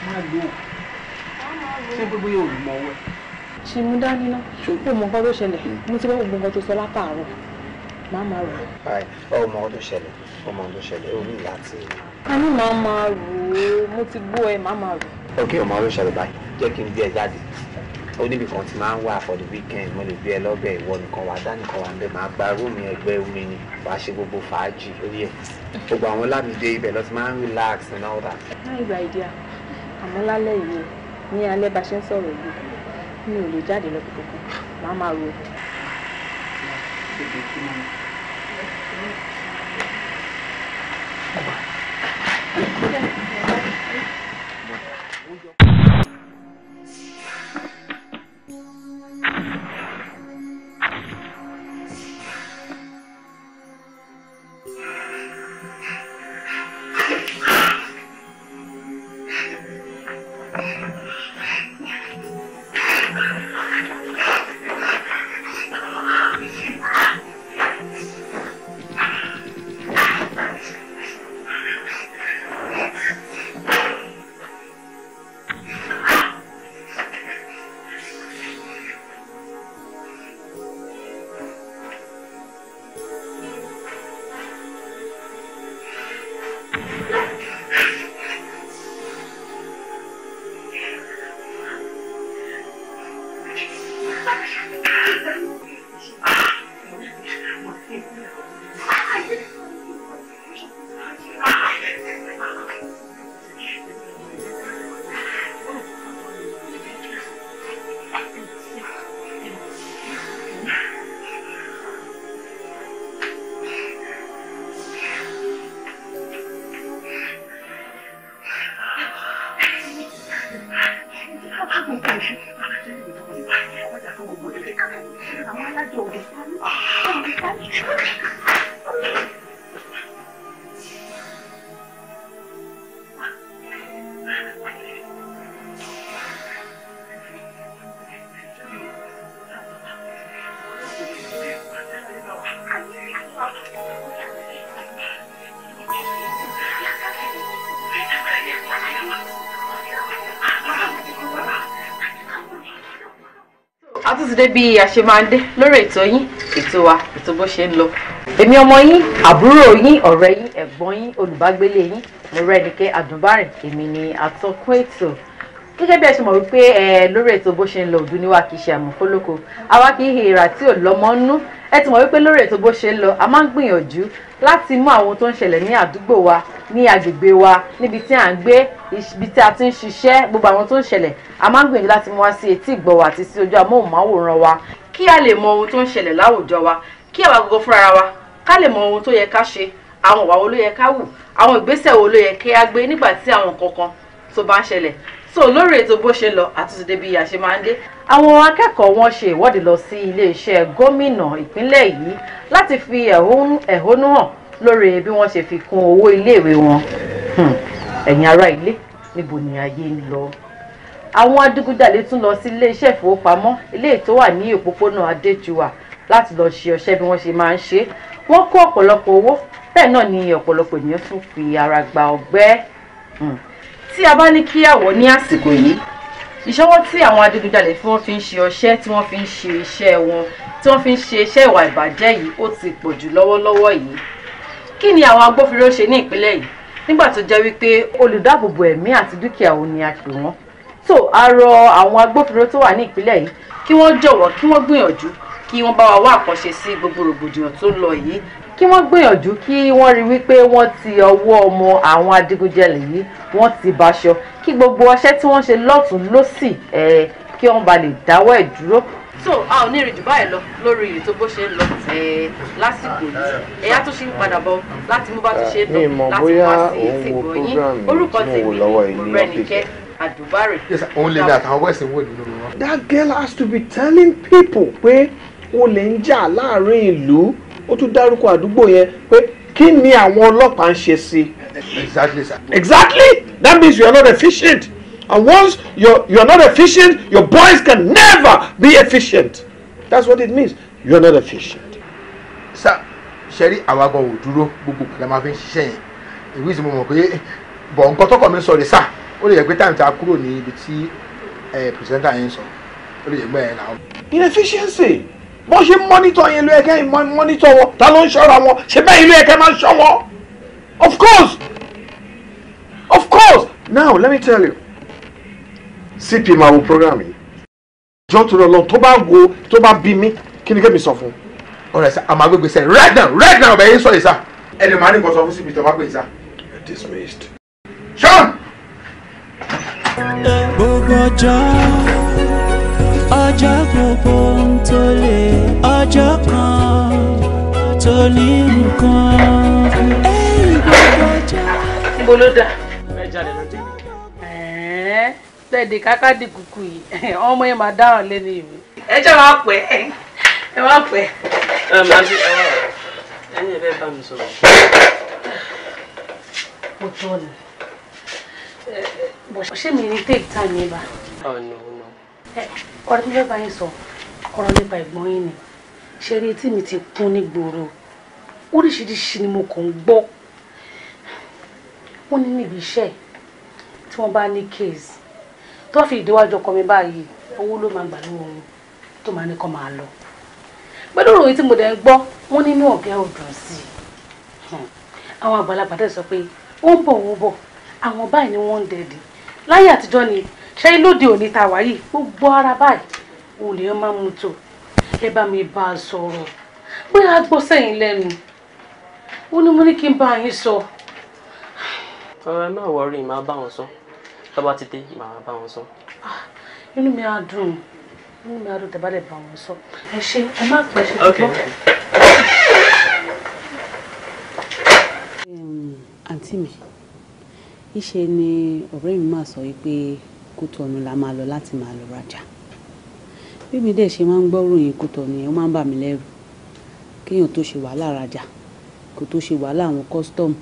máa lò ṣé gbogbo yóò rí mọ ọwọ́ ẹ. ṣìmú dání náà ṣùgbọ́n mo gbọ́ tó ṣẹlẹ̀ mo ti bá gbogbo nǹkan tó sọ látàárọ̀ máa máa rò. ọmọ ọdún ṣẹlẹ̀ ọmọ ọdún ṣẹlẹ̀ ó ní láti a ní màá máa rò ó mo ti gbọ́ ẹ màá máa rò. ok ọmọ ọ̀rọ̀ ṣàlọ báyìí jẹ́ kí n gbé ẹ jáde ó níbi kan tí máa ń wà for the weekend mo lè gbé ẹ lọ́bẹ̀ ìwọ nìkan wà dá nìkan wà ń bẹ máa gba rúùmù ẹgbẹ́ omi ni wàá ṣe gbogbo fàájì orí ẹ gbogbo àwọn lámìdé ibẹ̀ lọ ti máa ń relax and all that. láìgbà ìdí àmọ́ lálẹ́ yìí ní alẹ́ bá ṣe ń sọ̀rọ̀ yìí mi ò lè jáde lọ kókó màá máa ro. Thank you. tún dé bí a ṣe máa dé lórí ètò yín ètò wa ètò bó ṣe ń lọ. èmi ọmọ yín àbúrò yín ọ̀rẹ́ yín ẹ̀gbọ́n yín olùbágbélé yín Mọ́rẹ́nikẹ́ Àdùnbárìn èmi ni àtọkùn ètò gẹ́gẹ́ bí ẹ ṣe mọ̀ wípé ẹ lórí ètò bó ṣe ń lọ ọdún níwá kì í ṣe àmọ̀fólókò àwa kì í hìrà tí ò lọ́mọ nú ẹ ti mọ̀ wípé lórí ètò bó ṣe ń lọ a máa ń gbìyànjú láti mú àwọn tó ń ṣẹlẹ̀ ní àdúgbò wa ní agbègbè wa níbi tí à ń gbé ibi tí a ti ń ṣiṣẹ́ gbogbo àwọn tó ń ṣẹlẹ̀ a máa ń gbìyànjú láti mú wá sí etí ìgbọ́ wa àti sí ojú amóhùnmáwòrán wa kí a lè mọ ohun tó ń ṣẹlẹ̀ láwùjọ wa kí àwa gbogbo fúnra wa ká lè mọ ohun tó yẹ ká ṣe àwọn ìwà wo ló yẹ ká wù àwọn ìgbésẹ̀ wo ló yẹ kí a gbé nígbà tí àwọn kankan tó bá ń ṣẹlẹ̀ so lórí ètò bó ṣe lọ àtúntò bí a ṣe máa ń dé. àwọn akẹ́kọ̀ọ́ wọn ṣe ìwọ́de lọ sí iléeṣẹ́ gómìnà ìpínlẹ̀ yìí láti fi ẹ̀hónú hàn lórí bí wọ́n ṣe fi kún owó iléèwé wọn hmm, ẹ̀yin ará ilé níbo ni ayé ń lọ àwọn adigunjalè tún lọ sí iléeṣẹ́ ìfowópamọ́ ilé tó wà ní òpópónà adéjúwà láti lọ ṣe ọṣẹ́ bí wọ́n ṣe máa ń ṣe wọ́n kó ọ̀pọ̀lọpọ̀ owó bẹ́ẹ̀ náà ni ọ̀pọ̀lọpọ̀ ènìyàn tún fi ara gba ọgbẹ́ hmm. tí a bá ní kí àwọ̀ ní àsìkò yìí ìṣọwọ́ tí àwọn adigunjalè tí wọ́n fi ń ṣe ọṣẹ́ tí wọ́n fi ń ṣe iṣẹ́ wọn tí wọ́n fi ń ṣe iṣẹ́ ìwà ìbàjẹ́ yìí ó ti pọ̀ jù lọ́wọ́lọ́wọ́ yìí kí ni àwọn agbófinró ṣe ní ìpínlẹ̀ yìí nígbà tó jẹ́ wípé olùdáàbòbò ẹ̀mí àti dúkìá òun ni a pè wọ́n so a rọ àwọn agbófinró tó wà ní ìpínlẹ̀ yìí kí wọ́n jọ̀wọ́ kí wọ́n gbìyànjú kí wọ́n bá wa wá àkànṣe sí gbogbo rògbòdìyàn tó ń lọ yìí kí wọ́n gbìyànjú kí wọ́n rí wípé wọ́n ti ọwọ́ ọmọ àwọn adigunjalè yìí wọ́n ti báṣọ kí gbogbo ọṣẹ́ tí wọ́n ṣe lọ́tún lọ́sì ẹ̀ kí wọ́n ba lè dáwọ́ ẹ̀ dúró so a ò ní ìrìn jù báyìí lọ lórí ìrìn tó bó ṣe ń lọ lásìkò yìí ẹ̀yà tó ṣe ń padà bọ̀ láti mú bá tó ṣe ń lọ láti wá sí ìsìnkú yín orúkọ tèmi rẹ̀ nìkẹ́ àdùbárè. yes only that. ní àtàwọn west wò that girl has to be telling people pé olè ń jà láàrin ìlú ó tún dárúkọ àdúgbò yẹn pé kí ni àwọn ọlọ́pàá ń ṣe sí. exactly sir. exactly that means you are not efficient and once you're are not efficient your boys can never be efficient that's what it means You are not efficient. sir ṣe rí àwa gan ò dúró gbogbo pẹ̀lú àwọn afi ń ṣiṣẹ́ yẹn ìwé ìsìnkú mọ̀ pé bọ̀ tọkọ mi sọ sá ó lè yẹ pé táyìmù kúrò ní ibi tí eh, pìrìsẹ́ńtà yẹn sọ ó lè yẹ pé ẹ̀ làwọn. inefficiency bó ṣe mọ́nítọ̀ yẹn ló yẹ kẹ́ mọ́nítọ̀ wọn ta ló ń ṣọ́ra wọn ṣe bẹ́ẹ̀ ló yẹ máa ń ṣọ́ wọn of course of course now let me tell you cp máa wo program yìí jọ́ tó lọ tó bá wo tó bá bí mi kí ni kébì sọ fún un ọ̀rẹ́ sá àmọ́ agbègbè sẹ́yìn right now right now ọ̀bẹ yẹn sọ yìí sá ẹni màá ní nǹkan sọ fún cp tó bá pè yìí sá. dismissed. sean. gbogbo ọjọ́ gbogbo ń ọjọ́ kan tó ní nǹkan. ibo ló dà. tẹ̀dí kákàdí kùkù yìí ọmọ yẹn máa dáhùn lẹ́nu ìwé. ẹ jẹ́ wàá pẹ́ ẹ pẹ́. bá mi sọ̀rọ̀. mo tọ́ ni. bọ̀ ṣé mi ní take time yẹn bá. ọ̀nà oh, ọ̀nà. ẹ ọ̀rẹ́ mi fẹ́ bá yín sọ ọ̀rọ̀ nípa ẹ̀gbọ́n yín ni ṣe rí etí mi ti kún ní gbòòrò oríṣiríṣi ni mo kàn ń gbọ́ wọ́n ní níbi iṣẹ́ tí wọ́n bá ní case tó fi ìdíwájú ọkọ mi báyìí owó ló máa gbà lọ́wọ́ wọn tó máa ní kó máa lọ pẹ̀lú ìròyìn tí mo dẹ̀ ń gbọ́ wọ́n nínú ọ̀gá ọ̀dùn sí i àwọn àgbàlagbà dẹ̀ sọ pé ó ń bọ̀ ó ń bọ̀ àwọn báyìí ni wọ́n ń dẹ̀dẹ̀ láyé àtijọ́ ni ṣé lóde òní ta wà yìí gbogbo ara báyìí olè ọmọ mu tó ẹ bá mi bá a sọ̀rọ̀ bóyá a gbọ́ sẹ́yìn lẹ́nu ó ní mo ní kí n bá yín sọ. ọ̀rọ̀ ẹ má wọrí màá bá wọn sọ lọ́ba ti dé màá bá wọn sọ. Ah, inú mi á dùn inú mi á dùn tẹ́ bá wọn sọ ẹ ṣe ẹ má pẹ́ ṣe tó bọ́. àǹtí mi ìṣe ni ọ̀rẹ́ mi máa sọ wípé Kútọ̀nù la máa lọ láti máa lọ rajà bí mi dẹ̀ ṣe máa ń gbọ́ ròyìn Kútọ̀nù yẹn ó máa ń bà mí lẹ́rù kéèyàn tó ṣe wàhálà rajà kó tó ṣe wàhálà àwọn kọ́sítọ́ọ̀mù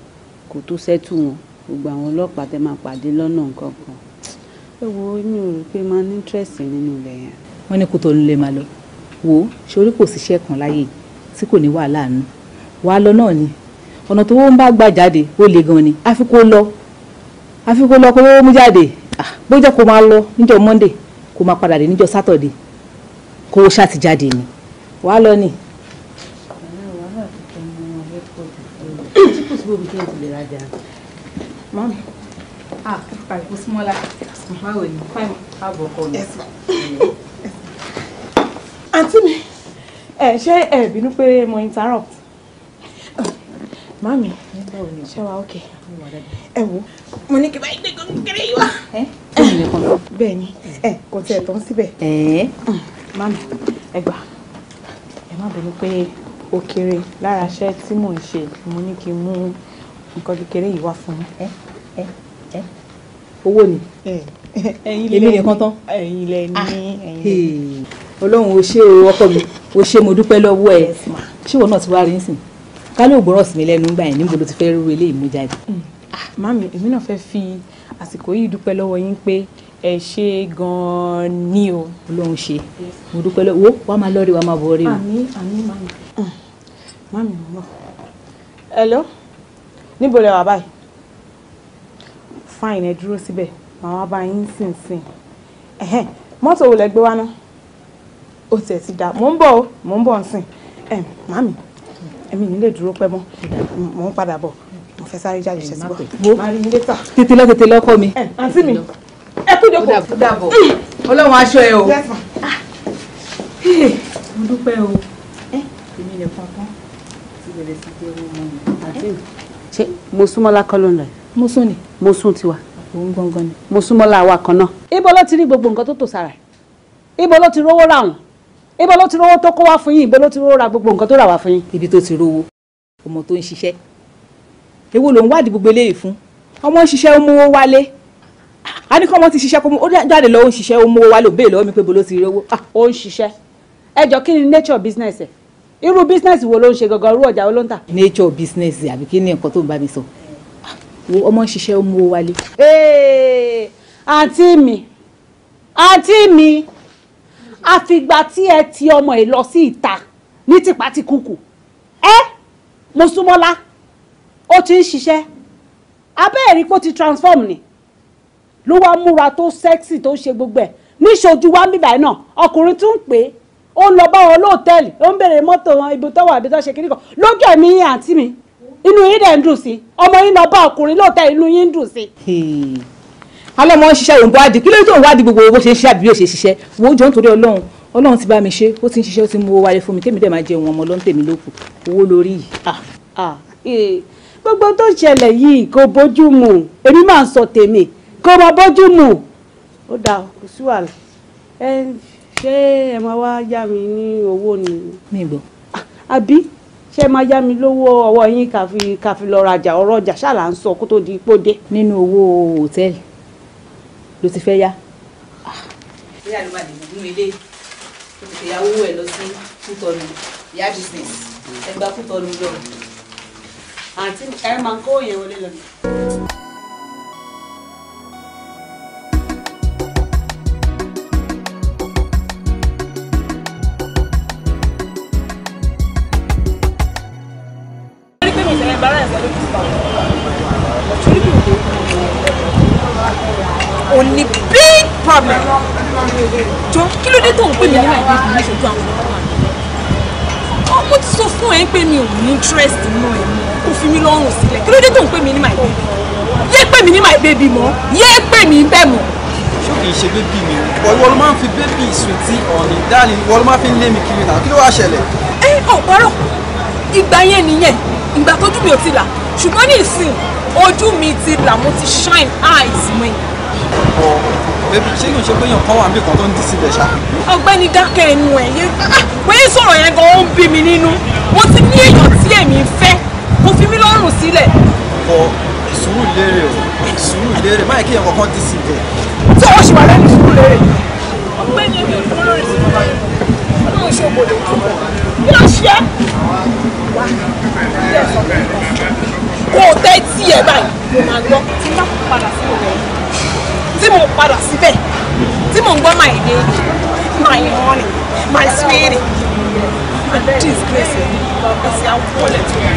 kó tó sẹ́tù wọn gbogbo àwọn ọlọ́pàá tẹ máa pàdé lọ́nà nǹkan kan mi ò rò pé máa ní íńtírẹ̀sì nínú ilẹ̀ yẹn. wọ́n ní Kútọ̀nù lè máa lọ wò ó ṣorí kò síṣẹ́ kan láyé tí kò ní wàhálà nù wàá lọ náà ni ọ̀nà tó wọ́n bá gbà jáde ó le gan ni àfi kó lọ àfi kó lọ kó lówó mú jáde ah, bó jẹ́ kó máa lọ níjọ́ Monday kó máa padà dé níjọ́ Saturday kó o ṣàtìjáde ni wàá lọ ni. gbogbo kí n ti lè ah, àìkú Súnmọ́lá, báwo ni? Fáìmù, káàbọ̀ ọkọ mi. Àǹtí mi, ẹ ṣé ẹ bínú pé mo interrupt? Mọ́mí, ṣé wàá okay? fún wa dáadáa. ẹ wo mo ní kí n bá yín gbẹgbẹ kékeré yìí wá. ẹ tóbi nìkan. bẹ́ẹ̀ ni ẹ kò tiẹ̀ tán síbẹ̀. ẹ ẹ mm. mami ẹ gbà ẹ má bínú pé lára iṣẹ́ tí mò ń ṣe mo ní kí n mú nǹkan kékeré yìí wá fún mi. owó ni. ẹ ẹ̀yin lẹni èmi nìkan tán. ẹ̀yin lẹni ah, ẹ̀yin lẹni. ọlọ́run o ṣé o ọkọ mi o ṣé mo dúpẹ́ lọ́wọ́ ẹ ṣé wọn náà ti wá rí nísìnyí ká ló gbọ́rọ̀ sí mi lẹ́nu gbà yẹn níbo ló ti fẹ́ rú eléyìí mú jáde. Hmm. Ah, mami èmi náà fẹ́ fi àsìkò yìí dúpẹ́ lọ́wọ́ yín pé ẹ ṣe gan-an ni o. Ọlọ́run ṣe mo dúpẹ́ lọ́wọ́ wo wàá máa lọ́ọ̀rì wàá máa bọ̀ rí o. àmín àmín mami hmm. mami mo lọ. hello níbo lẹ wà báyìí fine ẹ dúró síbẹ̀ màá wá bá yín sínsìn mọ́tò wo lẹ gbé wá ná o tiẹ̀ ti dà mò ń bọ̀ o mò ń bọ̀ nsìn mami èmi ní lè dúró pẹ́ mọ́ mò ń padà bọ̀ mo fẹ́ sáré jáde ṣe síbọ̀ mo rí ilé tà. tètè lọ tètè lọkọ mi. ẹ àǹtí mi ẹ tó dé kò dàbọ̀ ọlọ́run aṣọ ẹ o. Ah, mo dúpẹ́ o eh? èmi lè pọnpọ́n ti bẹ̀rẹ̀ sí jẹ́ ọmọ eh? mi. ṣé mo súnmọ́ lákọ́ ló ń lọ yìí. mo sún ni. mo sún tiwa. òun gangan ni. mo súnmọ́ láwa kan náà. ibo ló ti rí gbogbo nǹkan tó tò sára ibo ló ti rówó rà wọn ibo ló ti rówó tó kó wá fún yín ibo ló ti rówó ra gbogbo nǹkan tó rà wá fún yín. ibi tó ti rówó ọmọ tó ń ṣiṣẹ́ èwo ló ń wádìí gbogbo eléyìí fún ọmọ ń ṣiṣẹ́ ó mówó wálé a ní kí ọmọ ti ṣiṣẹ́ kó ó jáde lọ ó ń ṣiṣẹ́ ó mówó wálé ó béèrè lọ́wọ́ mi pé ibo ló ti rówó ah, ó ń ṣiṣẹ́ ẹ jọ kí ni nature business ẹ irú business wo ló ń ṣe gangan irú ọjà wo ló ń tà. nature business àbí kí ni nǹkan tó ń bá mi sọ ah, ọmọ ń ṣiṣẹ́ ó mówó wálé. àǹtí mi àǹtí mi àfìgbà tí ẹ ti ọmọ ẹ lọ sí ìta ní tìpátìkùkù ẹ mọ́súmọ́lá ó ti ń ṣiṣẹ́ abẹ́ẹ̀rí pé ó ti transform ni ló wá múra tó sexy tó ṣe gbogbo ẹ̀ níṣojú wa ń bíbáyìí náà ọkùnrin tún ń pè é ó ń lọ bá wọn lóòtẹ́ẹ̀lì ó ń béèrè mọ́tò wọn ibi tó wà àbí tó ṣe kíní lójú ẹ̀mí yín àǹtí mi inú yín dẹ̀ ń dùn sí ọmọ yín lọ bá ọkùnrin lóòtẹ́ẹ̀lì inú yín ń dùn sí alọ́mọ ń ṣiṣẹ́ òǹbọ̀ àdì kí ló tó ń wádìí gbogbo bó ṣe ń ṣiṣẹ́ àbí yóò ṣe ṣiṣẹ́ wò ó jọ nítorí ọlọ́run ọlọ́run ti bá mi ṣe ó ti ń ṣiṣẹ́ ó ti ń mú owó wálé fún mi kémi dẹ̀ máa jẹun ọmọ lọ́n tèmi lókù owó lórí yìí ah ah gbogbo tó ṣẹlẹ̀ yìí kò bójú mu èmi máa ń sọ tèmi kò máa bójú mu ó dáa kò sí wàhálà ẹ ṣé ẹ máa wá yá mi ní owó ni. mi gbọ́. àbí ṣé máa yá mi lówó ọwọ́ yín káfi káfi lọ rajà ọ̀rọ̀ ọjà ṣáà là ń sọ kó tó di ipò dé. nínú owó hòtẹ́ẹ̀lì ló ti fẹ́ yá. bóyá ló máa dìbò fún mi lé o ti fẹ́yàwó ẹ̀ lọ sí kútọ́nu ìyá business ẹgbàá kútọ́nu lọ àǹtí ẹ máa ń kó òyìnbó lé lọ. yín pé mi ò ní interest nínú ẹ̀ mọ́ kó fi mí lọ́rùn sílẹ̀ kí ló dé tó ń pè mí ní my baby yé pè mí ní my baby mọ́ yé pè mí bẹ́ẹ̀ mọ́. ṣé kì í ṣe bébì mi wọ́n wọ́n máa ń fi bébì sùtì ọ̀nì dáàlì wọ́n máa fi ń lé mi kiri náà kí ló wáá ṣẹlẹ̀. ẹ ọ̀pọ̀rọ̀ ìgbà yẹn nìyẹn ìgbà tójú mi ò ti là ṣùgbọ́n ní ìsìn ojú mi ti là mo ti shine eyes mi. ọ̀ bẹ́bí ṣé yóò ṣe pé yàn kọ́ wà níbi kan ń dì síbẹ̀ ṣá. ọ̀gbẹ́ni dákẹ́ ẹnu ẹ yé wọ́n sọ̀rọ̀ yẹn gan ó ń bí mi nínú mo ti ní èèyàn tí èmi fẹ́ mo fi mí lọ́rùn sílẹ̀. ọ sùúrù lérè o sùúrù lérè má kí yàn kankan dì síbẹ̀. tí o ṣì wà lẹ́nu sùúrù lérè. ọ̀gbẹ́ni èmi ò fún lórí sùúrù lérè kó o tẹ́ tí ẹ báyìí mo máa gbọ́ tí n bá padà sí òbẹ̀ yìí padà síbẹ̀ tí mò ń gbọ́ my day my money my spirit and disgrace ẹ̀sìn àwọn ọ̀lẹ̀ tó yẹ.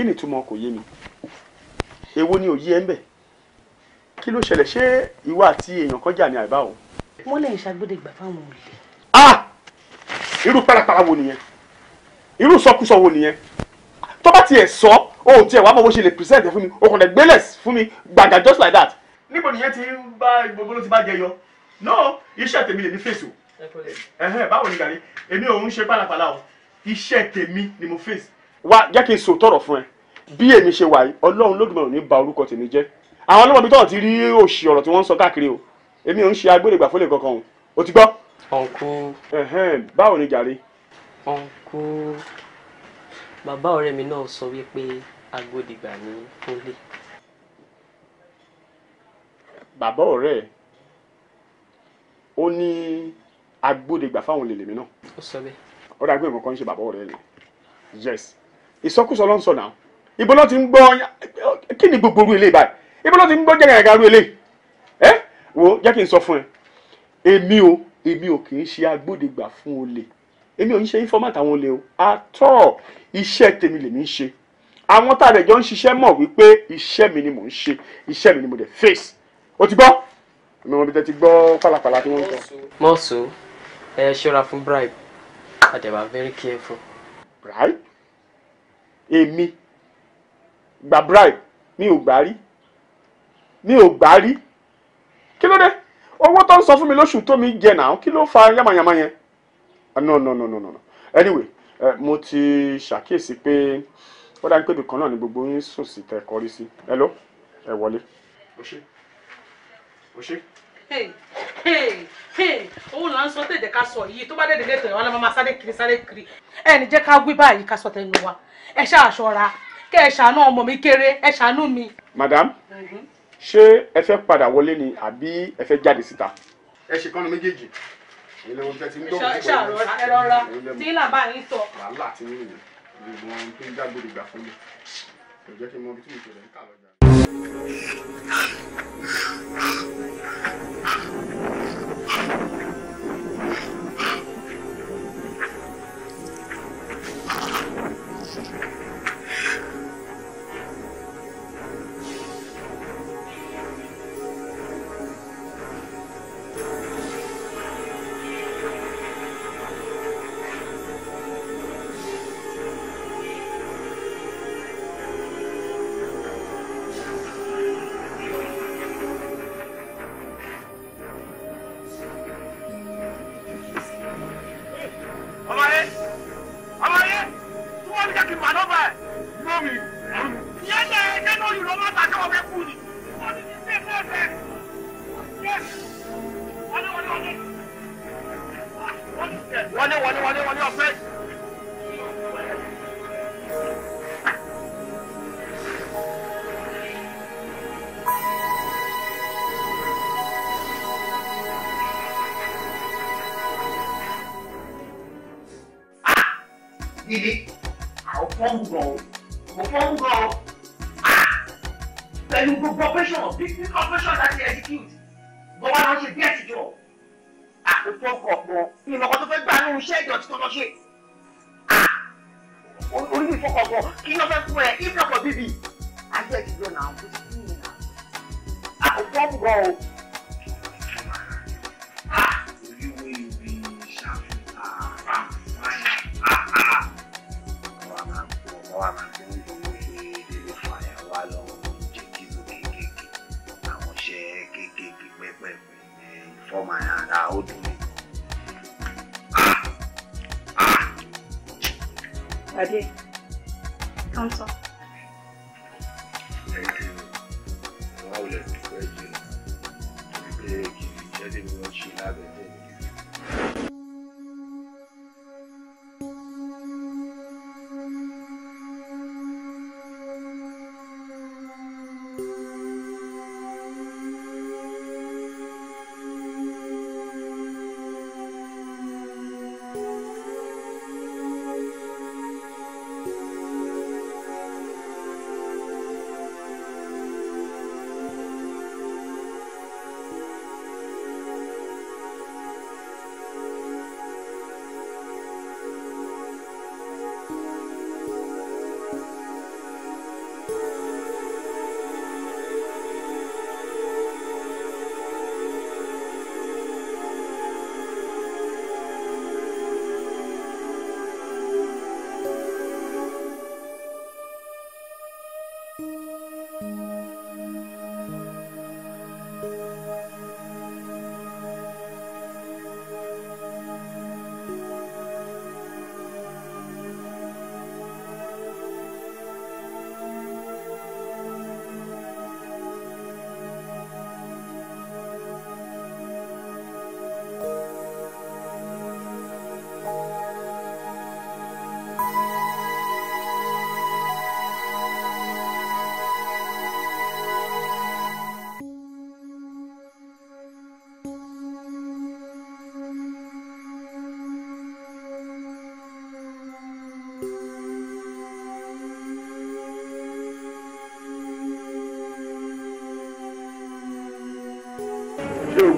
kí ni ìtumọ̀ kò yé mi èwo ni òye ẹ̀ ń bẹ̀ kí ló ṣẹlẹ̀ ṣé ìwà àti èèyàn kan jà ní àìbá o. wọ́n lè ń ṣàgbọ́dẹ̀gbà fáwọn olè. ah irú párapàra wo nìyẹn irú sọkúsọ wo nìyẹn tó bá tiẹ̀ sọ o ò tiẹ̀ wá mọ̀ bó ṣe lè present fún mi o kò lè gbélé fún mi gbàgà just like that. níbo nìyẹn ti ń bá gbogbo ló ti bá jẹ yọ no iṣẹ́ tèmi lèmi fèsì o báwo ni gàrí èmi ò ń ṣe pálapàla o iṣẹ́ tèmi ni mo fèsì wá jẹ́ kí n sọ tọ̀rọ̀ fún ẹ bí èmi ṣe wà yìí ọlọ́run lódùmarè ò ní ba orúkọ tèmi jẹ́ àwọn ọlọ́mọbí tọ̀hún ti rí òṣì ọ̀rọ̀ tí wọ́n ń sọ káàkiri o èmi ò ń ṣe agbèrègbà fólè kankan o ò ti gbọ́. ọ̀nkú. báwo ni jàre. ọ̀nkú bàbá ọ̀rẹ́ mi náà sọ wípé agbódìgbà ni kúnlé. bàbá ọ̀rẹ́ ẹ̀ ó ní agbódìgbà fáwọn olè lèmi náà. ó sọ bẹ́ẹ̀. ọ̀rẹ́ agbódìgbà kan ń ṣe bàbá ọ̀rẹ́ ẹ̀ yes ìsọkúsọ ló ń sọ náà ibo ló ti ń gbọ́ kí ni gbogbo orú eléyìí báyìí ibo ló ti ń gbọ́ jẹ́gàjẹ́gà orú eléyìí ẹ wo jẹ́ kí n sọ fún ẹ èmi o èmi ò kì í ṣe agbódegbà fún olè èmi ò ń ṣe informant àwọn olè o àtọ́ iṣẹ́ tèmi lèmi ń ṣe àwọn tá a dẹ̀ jọ ń ṣiṣẹ́ mọ̀ wípé iṣẹ́ mi ni mò ń ṣe iṣẹ́ mi ni mo dẹ̀ face o ti gbọ́ èmi wọn bí tẹ́ ti gbọ́ pàlàpàlà tí wọ́n ń sọ. mọ́ọ̀sù ẹ ṣọ́ra fún bribe àdẹ̀wà very careful. bribe èmi gba bribe mi ò gbà rí mi ò gbà rí kí ló dé owó tó ń sọ fún mi lóṣù tó mi jẹ náà kí ló fa yamayama yẹn ah, no no no no no anyway uh, mo ti ṣàkíyèsí pé ó dáa pé ibìkan náà ni gbogbo yín sùn sí tẹ kọrí sí ẹ lọ ẹ wọlé. o ṣe òun là ń sọ tẹ̀jẹ̀ ká sọ yìí tó bá dẹ̀dẹ̀ lẹ́tọ̀ ìwà lọ́mọ máa sáré kiri sáré kiri ẹ ní jẹ́ ká wí báyìí ká sọ tẹnu wa ẹ ṣáà ṣọ́ra kẹ́ ẹ ṣàánú ọmọ mi kéré ẹ ṣàánú mi. madam mhm. ṣé ẹ fẹ́ padà wọlé ni àbí ẹ fẹ́ jáde síta. ẹ ṣe kọ́nu méjèèjì ilé oúnjẹ ti ń dọ̀ wọ́n. ṣe àrọ̀ra ẹ rọra tí ń làbá yín sọ. wàhálà ti ń rìn gbogbo tó ń dágbére gbà fún mi kò jẹ́ kí n mọ ibi tí mo ṣẹlẹ̀ ń kà lọ́jà.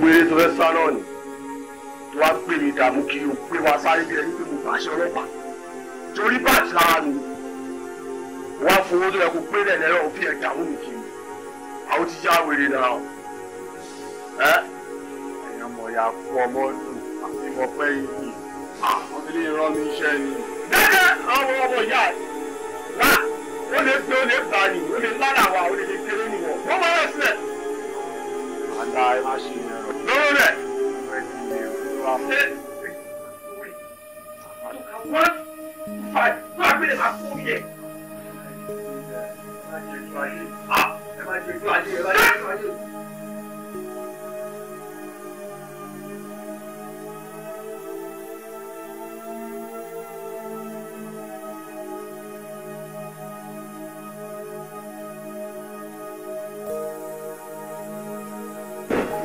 gbogbo eré tó fẹ́ sá náà ni tó wá pè ní ìdààmú kí o pé wá sáré bí ẹni pé mo bàṣẹ ọlọ́pàá torí báàtì lára mi wá fowó tó yẹ kó pé lẹ̀ lẹ́rọ̀ fi ẹ̀dá mú mi kiri àwọn ti já wèrè náà o ẹ ẹ̀yàn mọ̀ ya kú ọmọ dùn àti mọ̀ pẹ́ yìí àwọn ilé ìran mi iṣẹ́ ni. dẹ́dẹ́ àwọn ọmọ ìyá rẹ̀ wá ó lè gbé ó lè bá a nì ó lè lálàá wa ó lè lè kéré nìwọ̀n wọ́n máa rẹ̀ sílẹ̀. àgbà ẹ̀ máa ṣe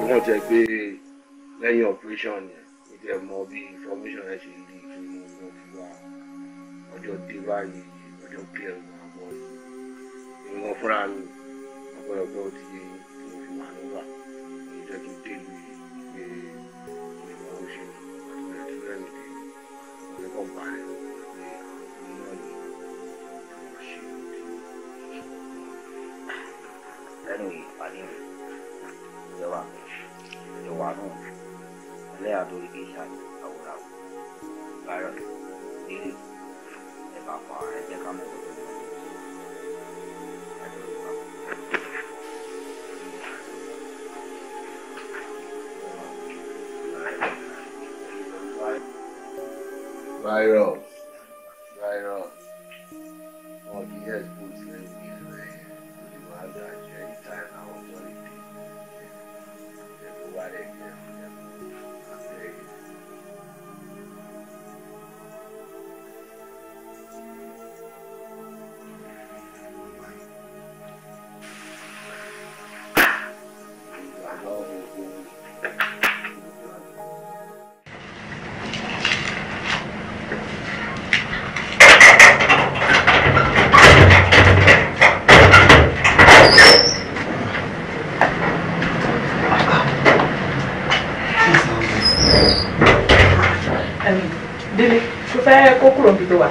wọ́n jẹ́ pé lẹ́yìn operation yẹn kí ẹ mọ bí information ẹ ṣe rí kí mo mọ fi wá ọjọ́ dé báyìí ọjọ́ kí ẹ mọ àbọ̀ ìwọ̀n fúnra mi ọ̀pọ̀lọpọ̀ ti yé mo fi wà nígbà èyí jẹ́ kí délù pé ìmọ̀ òṣèlú àti ìrẹsì lẹ́yìn pé ọ̀rẹ́kọ̀ balẹ̀. 要注意一下。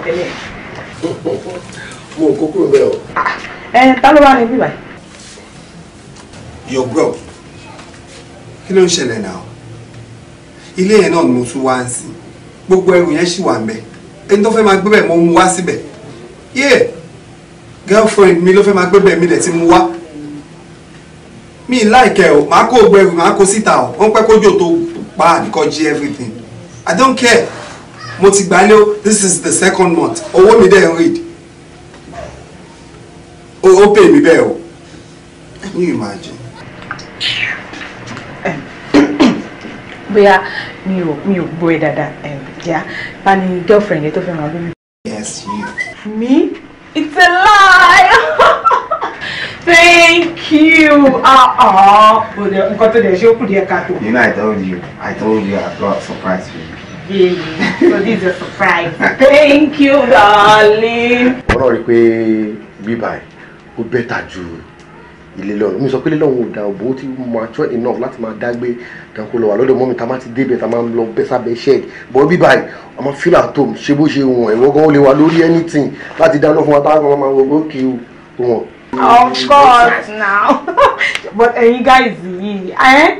tẹ́lẹ̀. mo kó kúrò bẹ́ẹ̀ o. ẹ ta ló wá ní bíbá. your bro kí ló ń ṣẹlẹ̀ náà ilé yẹn náà ni mo tún wá ń sìn gbogbo ẹrù yẹn ṣì wà ń bẹ ẹni tó fẹ́ máa gbé bẹ́ẹ̀ mo mú wá síbẹ̀ yeah girlfriend mi ló fẹ́ máa gbé bẹ́ẹ̀ mi lẹ̀ ti mú wá mi láìkẹ́ o máa kó gbẹrù máa kó síta o wọ́n pẹ́ kójò tó pa àdìkọ́ jí everything i don't care mo ti gbálé o this is the second month owó mi dẹ̀ ń read o ó pè mí bẹ́ẹ̀ o can you imagine. bóyá mi ò mi ò gbọ́ ẹ dáadáa yá bá ní girlfriend yẹn tó fẹ́ ràn lórí. yes you. me it's a lie thank you ah, ah. nǹkan tó dẹ̀ ṣe ó kù díẹ̀ káàtó. you know i told you i told you i got surprise for you so this is a surprise thank you darling. ọ̀rọ̀ rí i pé bíbá ẹ̀ ó bẹ́tà ju ilé lọ́run mi sọ pé ilé lọ́run ò dà òbó tí mo àtúwẹ̀ enough láti máa dágbé dáko lọ wà lọ́dọ̀ mọ́mi tá a máa ti débẹ̀ tá a máa lọ bẹ́ sábẹ́ shed bọ́ bíbá ẹ̀ a máa feel at home ṣe bó ṣe wọ̀n ẹ̀wọ́ gan ó lè wà lórí anything láti dáná fún wa táwọn máa wọ gòkè wọn. of course now but ẹ̀yin guys yìí eh?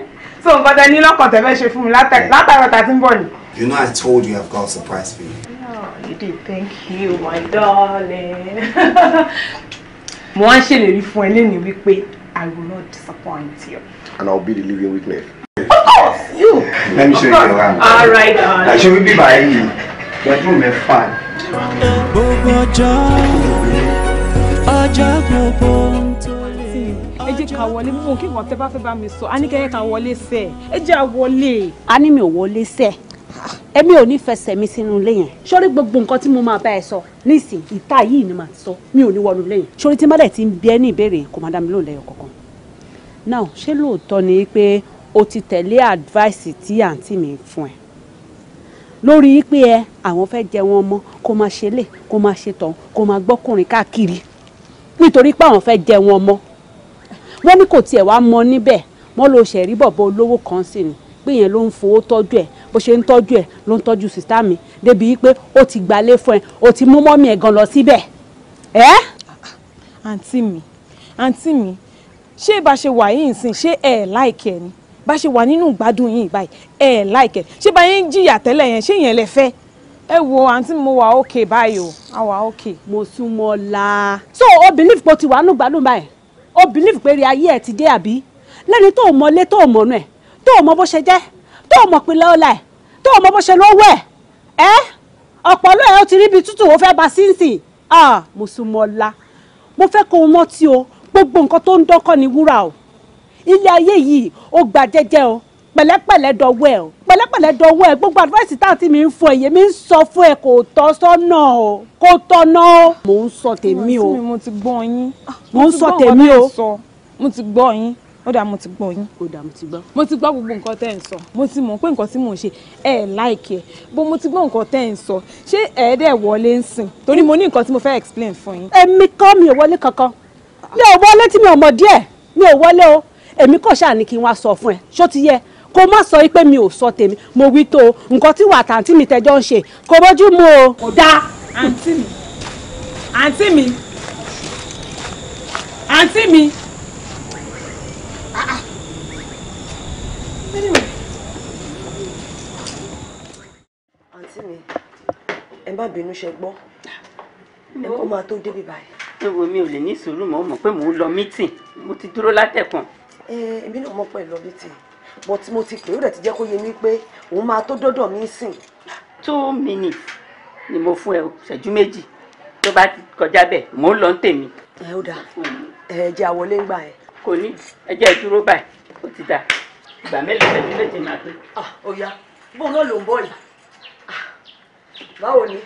so nǹkan tẹ ní lọ́kàn tẹ fẹ́ ṣe fún mi látàrọ̀ tá a ti ń bọ̀ ni. You know I told you I've got a surprise for you. Oh, you did. Thank you, my darling. Mo wá ṣèlérí fún ẹ lénìí wípé I will not disappoint you. And I'll be the living witness. Of course, you. Let me show you around. All right, darling. Like, should be by you? Bedroom is fine. Gbogbo ọjọ́, ọjọ́ gbogbo ń tó ẹ jẹ́ ká wọlé mú kí nǹkan tẹ́ bá fẹ́ bá mi sọ á ní kẹ́yẹ́ ká wọlé sẹ́ẹ̀ ẹ jẹ́ mi ò wọlé sẹ́ẹ̀ èmi ò ní fẹsẹ̀ mi sínú ilé yẹn sórí gbogbo nǹkan tí mo máa bá ẹ sọ nísìn ìta yìí ni màá sọ mi ò ní wọnú ilé yẹn sórí tí mọ́lẹ̀ ti ń bí ẹ ní ìbéèrè kò má dá mi kankan now ṣé lóòótọ́ ni pé o ti tẹ̀lé advice tí àǹtí mi fún ẹ lórí pé ẹ àwọn fẹ́ jẹ wọn mọ́ kó máa ṣe lè kó máa ṣe tọ̀hún kó máa gbọ́kùnrin káàkiri nítorí pé àwọn fẹ́ jẹ wọn mọ́ wọ́n ní kò tiẹ̀ wá mọ níbẹ̀ wọ́n lo ṣẹ̀rí bọ̀bọ̀ olówó kan sí ni pé yẹn ló ń fowó tọ́jú ẹ̀ bó ṣe ń tọ́jú ẹ̀ ló ń tọ́jú sísá mi débi pé ó ti gbalé fún ẹ ó ti mú mọ́mí ẹ̀ gan lọ síbẹ̀ ẹ́. àǹtí mi àǹtí mi ṣé bá ṣe wà yìí nsìn ṣé ẹ láìkẹ́ ni bá ṣe wà nínú ìgbádùn yìí báyìí ẹ láìkẹ́ ṣé bá yẹn ń jìyà tẹ́lẹ̀ yẹn ṣé yẹn lẹ fẹ́ ẹ wo àǹtí mo wà òkè báyìí o a wà òkè. mo sún mọ́ la. so o believe pé o ti wà nínú ìgbádùn báyìí o believe pé rí ayé ẹ ti dé àbí lẹ́ni tó mọ ilé tó mọ náà tó o mọ bó ṣe jẹ́ tó o mọ̀ pinlẹ̀ ọ̀la ẹ̀ tó o mọ bó ṣe lówó ẹ̀ ẹ́ ọ̀pọ̀lọ́ ẹ̀ ó ti ríbi tútù ó fẹ́ ba sínsìn ah mùsùlùmọ́lá mo fẹ́ kó o rántí o gbogbo nǹkan tó ń dọ́kọ́ ni wúrà o ilé ayé yìí ó gba jẹ́jẹ́ o pẹ̀lẹ́pẹ̀lẹ́ dọ̀wọ́ ẹ̀ o pẹ̀lẹ́pẹ̀lẹ́ dọ̀wọ́ ẹ̀ gbogbo advice tá a ti mi ń fún ẹ yèmí ń sọ fún ẹ kò tọ́ sọ́nà o kò tọ́nà o. mò ń sọ tèmi o mo ti gbọ́ yín mo ń sọ tèmi o mo ti gbọ́ yín ó dà mo ti gbọ́ yín. ó dà mo ti gbọ́. mo ti gbọ́ gbogbo nǹkan tẹ́ ẹ̀ ń sọ mo ti mọ̀ pé nǹkan tí mò ń ṣe ẹ̀ láìkì ẹ̀ bó mo ti gbọ́ nǹkan tẹ́ ẹ̀ ń sọ ṣé ẹ̀ẹ́dẹ̀ wọlé ń sìn torí mo ní nǹkan tí mo fẹ́ explain fún yín. èmi kọ́ mi ò wọlé kankan mi ò wọlé tí mi ò mọ̀ díẹ̀ mi ò wọlé o èmi kò ṣáà ní kí n wá sọ fún ẹ ṣó ti yẹ kó má sọ pé mi ò sọ tèmi mo wí tó nǹkan tí wà tàǹtí mi tẹjọ ń ṣe kò bójú mu o. kò dáa àǹtí mi àǹtí mi àǹtí mi àǹtí mi ẹ má bínú ṣe gbọ́ ẹ kó máa tó débi báyìí. ẹ wo mi ò lè ní sùúrù mọ́ mọ̀ pé mò ń lọ mítìn mo ti dúró látẹ̀kàn. ẹ èmi náà mọ̀ pé lọ mítìn but mo ti pè ó dẹ̀ ti jẹ́ kó yé mi pé òun máa tó dọ́dọ̀ mi sìn. two minutes ni mo fún ẹ o ṣẹ́jú méjì tó bá kọjá bẹ́ẹ̀ mò ń lọ ń tèmi. ẹ ó dáa ẹ jẹ́ àwọlé ń gbà ẹ kò ní ẹjẹ́ dúró báyìí ó ti dà ìgbà mélòó ṣẹ́jú méje máa pé. ó yá bóun náà ló ń bọ̀ yìí báwo ni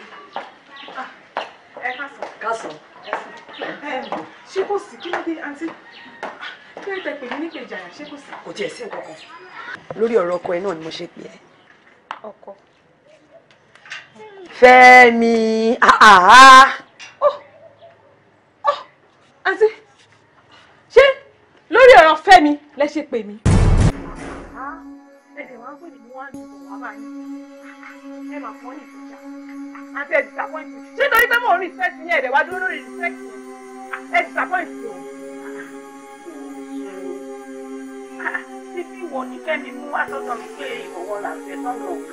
ẹ kásán kásán ṣé kò sí kí ló dé àǹtí kí ló tẹ pè mí nípèjà yà ṣé kò sí. kò tiẹ̀ sí nǹkan kan lórí ọ̀rọ̀ ọkọ ẹ náà ni mo ṣe pè ẹ́. ọkọ. Fẹ́mi àhá. àǹtí lórí ọ̀rọ̀ Fẹ́mi lẹ ṣe pè mí. ṣé torí pé mo respect yẹn ẹ̀dẹ̀ wá dúró lórí respect yẹn ẹ̀ disappoint o. títí wo ni Fẹ́mi mú wá sọ́dọ̀ mi pé ìwọ̀wọ̀ là ń fẹ́ sọ́nà òkú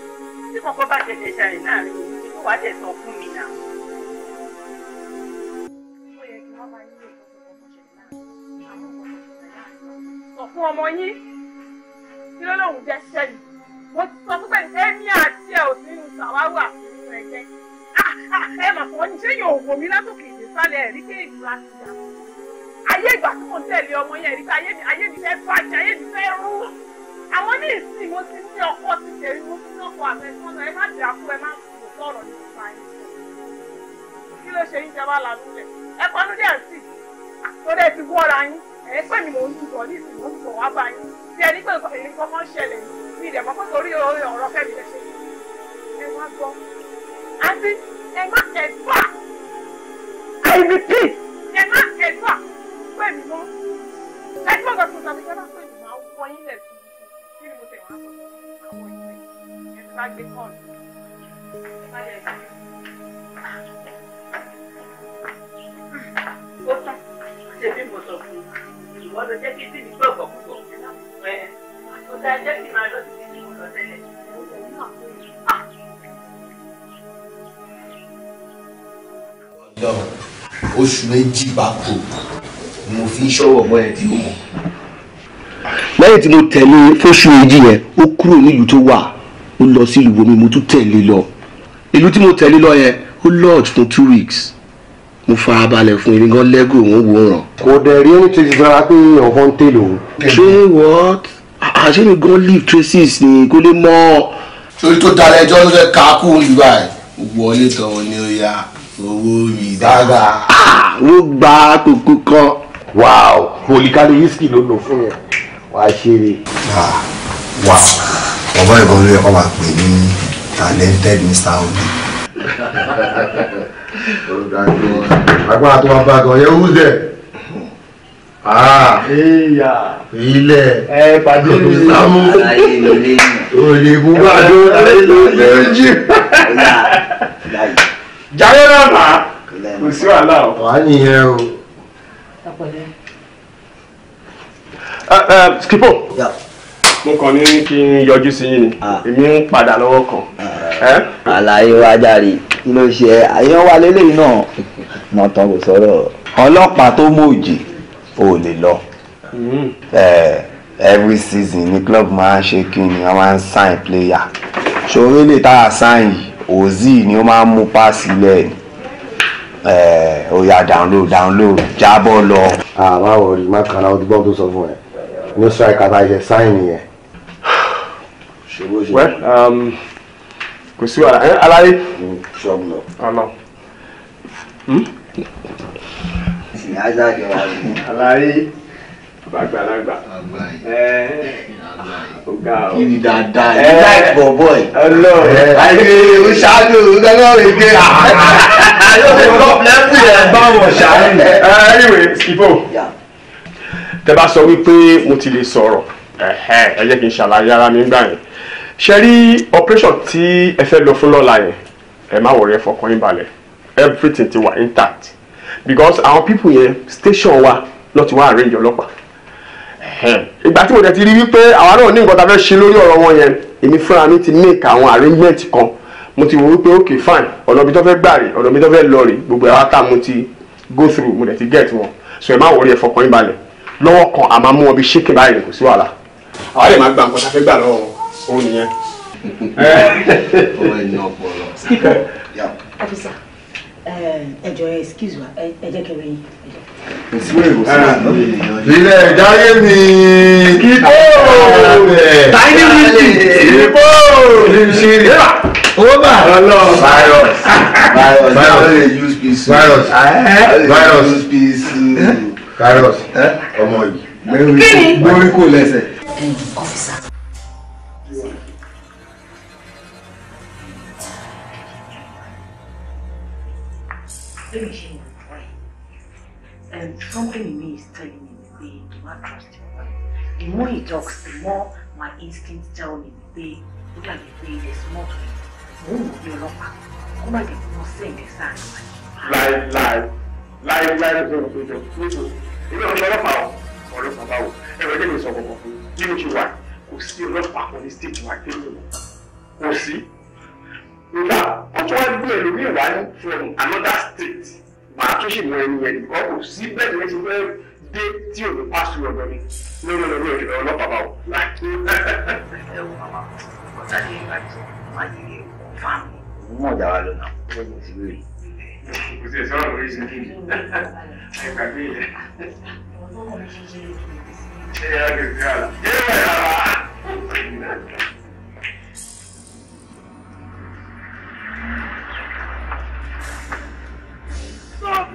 tí kankan bá ṣẹ̀ṣẹ̀ ṣàrìn láàrin òkú wàá dẹ̀ sọ fún mi náà. ó yẹ kí wọ́n máa yí fún ọmọ yín kí ló lóun jẹ́ sẹ́yìn mo ti sọ fún pẹ̀lú ẹ̀mí àti ẹ̀ ò sí nínú ah, ah, ẹ mà fọ́ ní ṣé yóò wò látòkè ìdísálẹ̀ ẹ̀rí dà ayé ìgbà tí mo tẹ̀lé ọmọ yẹn rí pé ayé mi fẹ́ bàjẹ́ ayé mi fẹ́ rú àwọn ní ìsìn mo ti ní ọkọ ti mo ti ẹ má ẹ má sọ̀rọ̀ i ti wọ́ra ẹ̀ pẹ́ mi mò ń túbọ̀ ní ìsìn mò ń túbọ̀ wá báyìí tí ẹni pé nǹkan ìrìn kankan ṣẹlẹ̀ ní ìdẹ̀mọ́ pé torí ọ̀rọ̀ fẹ́mi lẹ ṣe ẹ wá gbọ́ àti ẹ má kẹfà I repeat ẹ má kẹfà pẹ́ mi mọ́ ẹ tí mo gbà tó tàbí kẹ́lá pé màá wọ yín lẹ̀ sí kí ni mo tẹ̀ wá sọ àwọn ìwé ẹ bá gbé kọ́ọ̀lù ẹ bá ó tán ṣèbí mo sọ fún un wọ́n lọ jẹ́ kí sí ní gbọ̀gbọ̀ púpọ̀ ọ̀dà jẹ́ kí máa lọ sí ti mú lọ tẹ́lẹ̀. oṣù méjì gbáko ni mo fi ń ṣọ́wọ́ ọmọ ẹ̀ tí ó mọ̀. lẹ́yìn tí mo tẹ̀lé fóṣù méjì yẹn ó kúrò nílùú tó wà ó lọ sí ìlú bomi mo tún tẹ̀lé lọ ìlú tí mo tẹ̀lé lọ yẹn ó lodge fún two weeks mo farabalẹ̀ fún èmi gan lẹ́gò wọn wò ràn. kò dẹ̀ rí ẹni tó ti dára pé ọ̀fọ̀ ń tèlò. ṣé wọ́n àṣé mi gan leave traces ni kó lè mọ́. torí tó dalẹ̀ ẹjọ́ ló fẹ́ ká kú ìgbà ẹ̀ wọlé tán ni ó yá owó mi dára. ló ah, gba kókó kan. wàá olùkàlẹ̀ whisky ló lò fún yẹn wàá ṣeré. Ah, wàá bàbá ìbọn ló yẹ kó máa pè ní talented Mr. Obi agbára tó wá bá gan yẹ wú dẹ ilẹ̀ ìsàmù òyìnbó gbàdó lẹ́jì jáde lọ́nà kò sí wàhálà o. wàá nìyẹn o. skipo mo kàn ní kí n yọjú sí yín ni ah. èmi ń padà lọ́wọ́ kan. Ah. àlàyé wa járe kí ló ṣe àyàn wa lélẹ́yìn náà náà kò sọ̀rọ̀ ọlọ́pàá tó mòjì ò lè lọ hmm. every season ní club máa ń ṣe kí ni wọ́n máa ń sign player ṣòro lè tá a sign yìí ni ó máa ń mú páàsì lẹ̀ ó yá download download jábọ̀ lọ. àmọ́ àwọn òrì ojú bọ́ọ̀ tó sọ fún ẹ ní strike àtàyè sign yẹn. kò sí wàhálà ẹ aláyé. Hmm? aláyé àgbàlagbà ọgá o. ibi dáadáa yìí láì bọ̀ bọ̀ yìí. ọlọ́run àìsí ewu ṣáájú ọlọ́run gbé. àyọ̀sẹ̀ gọ́ọ̀mẹ̀ntì yẹn bá wọ̀ ṣáájú. anyway skipo tẹ bá sọ wípé mo ti lè sọ̀rọ̀ ẹ jẹ́ kí n ṣàlàyé ara mi gbà yẹn ṣe rí operation tí ẹ fẹ́ lọ fún lọ́la yẹn ẹ má wọ̀rẹ́ fọkàn yín balẹ̀ everything ti wà intact because our people yẹn station wa ló ti wá arrange ọlọ́pàá ìgbà tí mo dẹ̀ ti rí wípé àwa náà ní nǹkan tá a fẹ́ ṣe lórí ọ̀rọ̀ wọn yẹn èmi fúnra mi ti make àwọn arrangement kan mo ti wò wípé ok fine ọ̀nà mi tó fẹ́ gbà rè ọ̀nà mi tó fẹ́ lọ rè gbogbo ẹ̀rọ ata mo ti go through mo dẹ̀ ti get wọn so ẹ má wọrí ẹ fọkàn yín balẹ̀ lọ́wọ́ kan àmọ́ mú wọn bí ṣékè báyìí kò sí wàhálà àwa lè má gba nǹkan tá a fẹ́ gbà lọ́wọ́ wọn òun nìyẹn. ọ̀rọ̀ ẹ̀yìn ọpọlọ. skipper ọfisa ẹjọ excuse wa ẹ jẹ́ kẹrin ẹjọ. Ilé ìdáyé mi. Ibo! Tiny Wiki. Ibo! Limshiri. Oba. Ọlọ́run. Virus. Virus. Virus. Use peace. Virus. Virus. Use peace. Virus. Ọmọ yìí. Kí ni? Borí kò lẹ́sẹ̀. Ọfisa. and something in me is telling me pé do not trust him the more he talks the more my instincts tell me pé ó dàbí pé there's more to it mo ń mọ̀ bí ọlọ́pàá kó má dẹ̀ kó wọ́n sẹ́yìn dẹ̀ sáà nípa yìí. láìláì láìláì ló ń sọ ìjọ ìwé ọ̀ṣẹ́ ọlọ́pàá ọ̀rẹ́ bàbá o ẹ̀rọ ẹ̀jẹ̀ mi sọ kọ̀ọ̀kan fún nínú ti wà kò sí ọlọ́pàá kan ní stéèjì wa kí ló kò sí. ìgbà ó tún wá gbé ẹlòmíràn wá ní from another state màá tún ṣì mọ ẹni yẹn nìkan kò sí bẹ́ẹ̀ ni ẹ ti fẹ́ dé tí òun pa sí ọ̀dọ̀ mi lórí ọ̀dọ̀ ọlọ́pàá bá wò. ẹ wo màmá ọ̀tá ni ìgbà tí màá yẹ ẹ kọ́ fáàmù. mo mọ̀ jàwá lónà ó lè ti rí i. kò sí ẹ̀sán ọ̀rọ̀ yìí ṣe kí ni ẹ gbàgbé ilẹ̀. ṣé ẹ lè fi àlà. ṣé ẹ lè fi àlà. Where's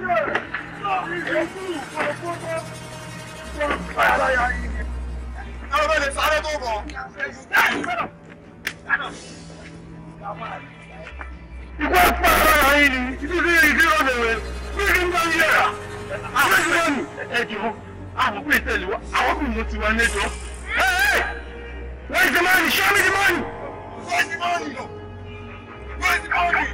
the money? Show me the money! Where's the money? Where's the money?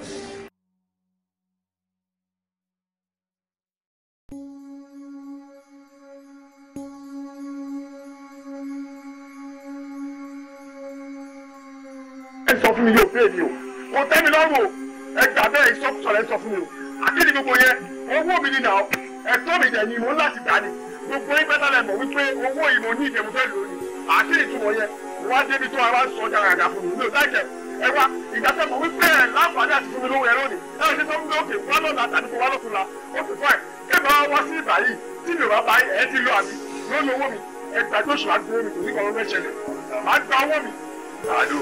ẹ sọ fún mi yóò fẹ́ mi o kò tẹ́ mi lọ́rùn o ẹ gbà bẹ́ẹ̀ ìsọkúsọ rẹ sọ fún mi o àkíni gbogbo yẹn owó mi ni nà ọ ẹ̀tọ́ mi dẹ̀ ni mo láti gbà ni gbogbo yín pẹ́tà lẹ̀ mọ̀ wípé owó yìí mo ní ìdẹ̀mú fẹ́ lónìí àkíni túmọ̀ yẹn wá débi tó ara sọ dáradára fún mi mi ò láì jẹ́ ẹ wá ìgbà tẹ́ mọ̀ wípé ẹ̀ láǹfààní àti fúnmi lówó ẹ lónìí ẹ ẹ ṣe tó ń gbé òkè wá lọ́nà àtàdé fún wá lọ́tún la ó ti fọ́ ẹ̀ kí ẹ bá wá sí ìgbà yìí tí mi ò bá bá ẹ ti lọ àbí lónìí owó mi ẹ gbàgbé oṣù àgbèrè mi kò ní kọ́ńtà ṣẹlẹ̀ má gba owó mi. àdó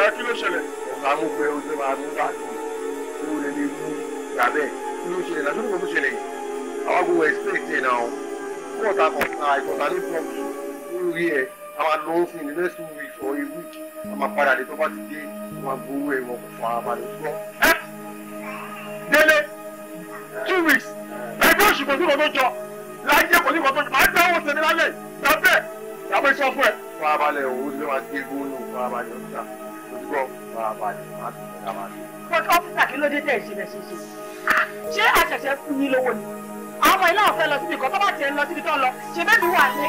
ẹ kí ló ṣẹlẹ̀. ọ̀sán mú pé ó ti máa mú káàdì owó rẹ̀ ní mú ìgbàbẹ́ kí ló ṣẹlẹ̀ lásán ló ṣẹlẹ̀ yìí àwọn gbogbo expect ẹ̀ náà kọ́ọ̀tà kọ̀ọ̀tà ìkọ̀tà ní pọ́ọ̀kì lórí ẹ̀ àwọn lọ́ọ́ fún the next two weeks or a week ọmọ padà dé tó bá ti dé wọn gbowó ẹ wọn kò fún ara balẹ̀ gbọ́. délé two weeks ẹgbẹ́ òṣù kò sí kan tó jọ láyé kò sí kan tó jọ máa gbé owó sẹ́mi lálẹ́ gbàgbé ìyàbẹ̀ sọ fún ẹ. fún abalẹ̀ owó tí wọ́n ti gbó nù fún abalẹ̀ ọ̀sán ojúbọ fún abalẹ̀ máa tún fún abalẹ̀. but ọ́fíìsà kí ló dé tẹ̀ ìṣẹ̀lẹ̀ ṣíṣe ah, ṣé àṣẹ̀ṣẹ̀ fún yín lówó ni àwọn ilé ọ̀fẹ́ lọ síbi kan tó bá tiẹ̀ lọ síbi tó ń lọ ṣe bẹ́ẹ̀ mi wà ní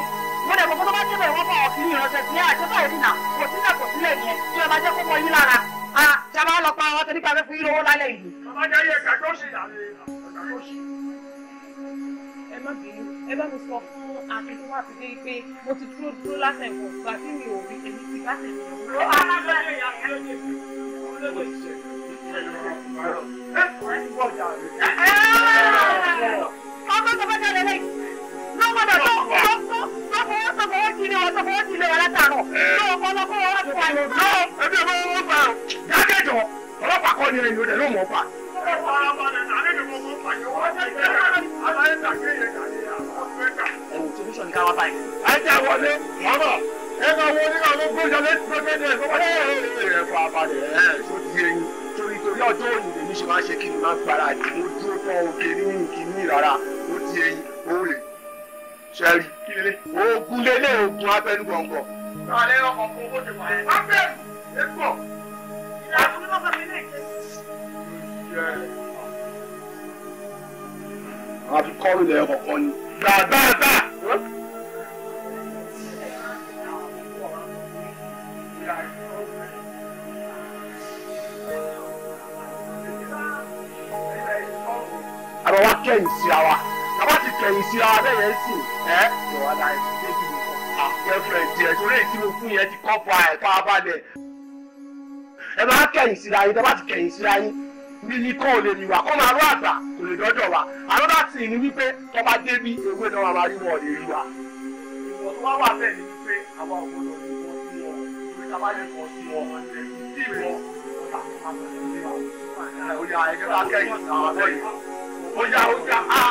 mo dẹ̀ tó bá débẹ̀ wọ́n bọ̀ ọ̀kìnrin ìrọ̀jẹ̀ sí àjẹbá ìrìnà kò sílẹ̀ kò sílẹ̀ yẹn tí ẹ jẹ́ kó mọ yín lára a ṣe máa lọ pa àwọn nípa fẹ́ fún yín lówó lálẹ́ yìí. bàbá jẹ́ ayé ẹ̀ka tó ṣì ẹ má bínú ẹ bá mi sọ fún akíndé wà fi pé mo ti dúró dúró látẹ̀wọ̀n gbà tí mi ò rí èmi ti bá tẹ̀lé ọ̀hún. ó á máa bẹ̀rẹ̀ ìyá mi lóde lóde ìṣẹ̀lẹ̀. ọmọ tó bá jáde lẹ́yìn lọ́wọ́dọ̀ tó ti ní ọsọ fún ọtí ilé wa látàárọ̀ lọ́wọ́ kọ́ lọ́kọ́ wọn ti pa ìlú. lọ́wọ́ ẹbí ẹ̀ máa wọ́n gbà dákẹ́jọ́ ọlọ́pàá kọ́ ni ẹ̀yìn òde ló mọ̀ pa. ọjọ́ òní lèmi ṣe máa ń ṣe kí ni máa gbára ni mo dúró tán ní kí rárá ó ti ẹyin ó rè é sẹ́rí kí lélẹ̀ oògùn lélẹ̀ oògùn abẹ́nu gbọ̀ngàn. ọ̀rẹ́ ọkọ̀ kò ó ti wà ẹ́. ẹ pọ̀. ìlànà tó ń lọ́kọ̀ mi lè ké. àti kọ́ọ̀lù lẹ̀ ọ̀kọ̀ọ̀kan ni. bàbá bá. àbáwá kẹ́yìn sí ara ẹ̀yìn sí ara bẹ́ẹ̀ yẹn sì ẹ́ ìwà náà débi àgẹ́fẹ̀ díẹ̀ torí èyí tí mo fún yẹn ti kọ́ fún àyè fáabalẹ̀. ẹ máa kẹ̀yìn síra yín tọ́ba ti kẹ̀yìn síra yín bí ní kọ́ ò lè mìwà kọ́ máa rú àgbà kò lè dọ́dọ̀ wa àlọ́dà sì ní wípé tọ́ba débi ewé náà wà máa rí lè rí wa. ìwọ̀n tó wá wà bẹ́ẹ̀ ni wípé àwa ò gbọ́dọ̀ lè sí wọn torí tábà lè sí wọn àti tí ó yá ẹgbẹ́ wa kẹ́yìn àwọn bẹ́ẹ̀ ó yá ó yá á.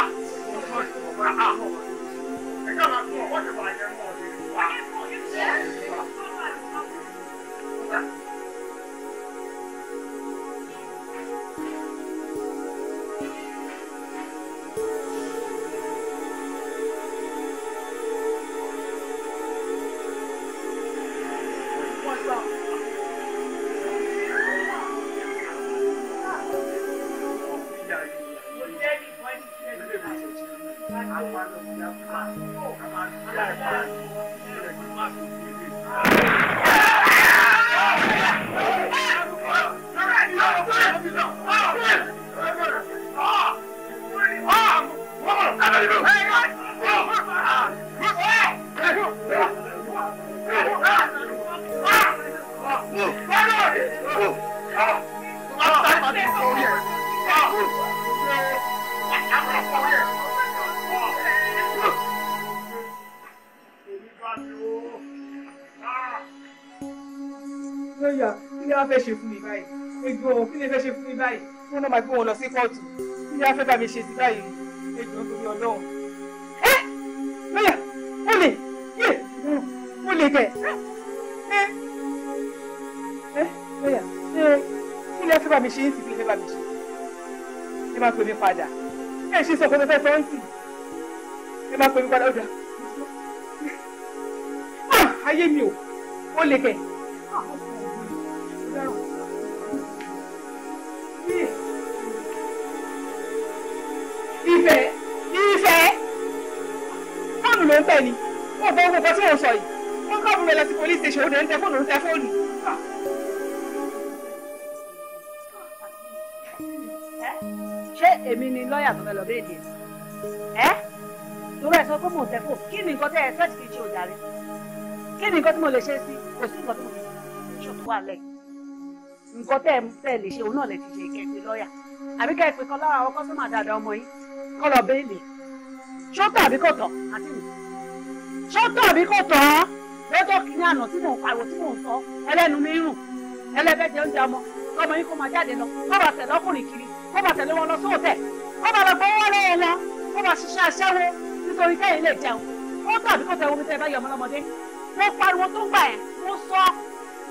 啊！让他嘛？我这把烟摸的。báyìí wọn náà máa gbé wọn lọ sí kóòtù kí ni a fẹ́ bá mi ṣe sí báyìí èjì ó torí ọlọ́run. ẹ lọ́yà ó lè yé ó lè kẹ̀ ẹ ẹ lọ́yà ṣé kí ni a fẹ́ bá mi ṣe yín sí kí ni a fẹ́ bá mi ṣe ẹ máa pè mí padà ẹ ṣe sọ pé mo fẹ́ sọ ń sìn ẹ máa pè mí padà ó ah! ayé mi ò ó lè kẹ̀. ń bẹ̀ ni wọ́n bọ́ gbogbo tí wọ́n sọ yìí wọ́n kọ́ àbúrò lọ sí police station ó dẹ̀ ń tẹ fóònù ń tẹ fóònù. ṣé èmi ni lọ́ọ̀yà tó fẹ́ lọ bẹ́ẹ̀ díẹ̀ ẹ́ torí ẹ̀ sọ pé mò ń tẹ fóònù kí ni nǹkan tẹ́ ẹ fẹ́ kí n ṣe òjàre kí ni nǹkan tí mo lè ṣe sí kò sí nǹkan tí mo lè ṣe ṣòfò wà lẹ́yìn nǹkan tẹ́ ẹ lè ṣe òun náà lè ti ṣe ìkẹ́pẹ́ lọ́ọ̀yà àbí ká ẹ pè kan lára àwọn kọ́sọ́mà dáadáa ọmọ yín kọ́ lọ bẹ́ẹ̀lì ṣọ́tọ̀ àbí àti nìyí sọ́tọ̀ àbí kò tọ́ lọ́jọ́ kìíní àná tí mò ń pariwo tí mò ń sọ ẹlẹ́nu mi rùn ẹlẹ́bẹ̀jẹ̀ oúnjẹ ọmọ ọmọ yín kó máa jáde lọ kó bá tẹ̀lé ọkùnrin kiri kó bá tẹ̀lé wọn lọ sóòtẹ̀ kó bá lọ gbowó lọ́wọ́ wọn kó bá ṣiṣẹ́ aṣẹ́wó nítorí kẹ́yìn lè jẹun ó tàbí kó tẹ̀wọ́ mi tẹ̀ bá yọ ọmọ mo pariwo tó gbà ẹ̀ mo sọ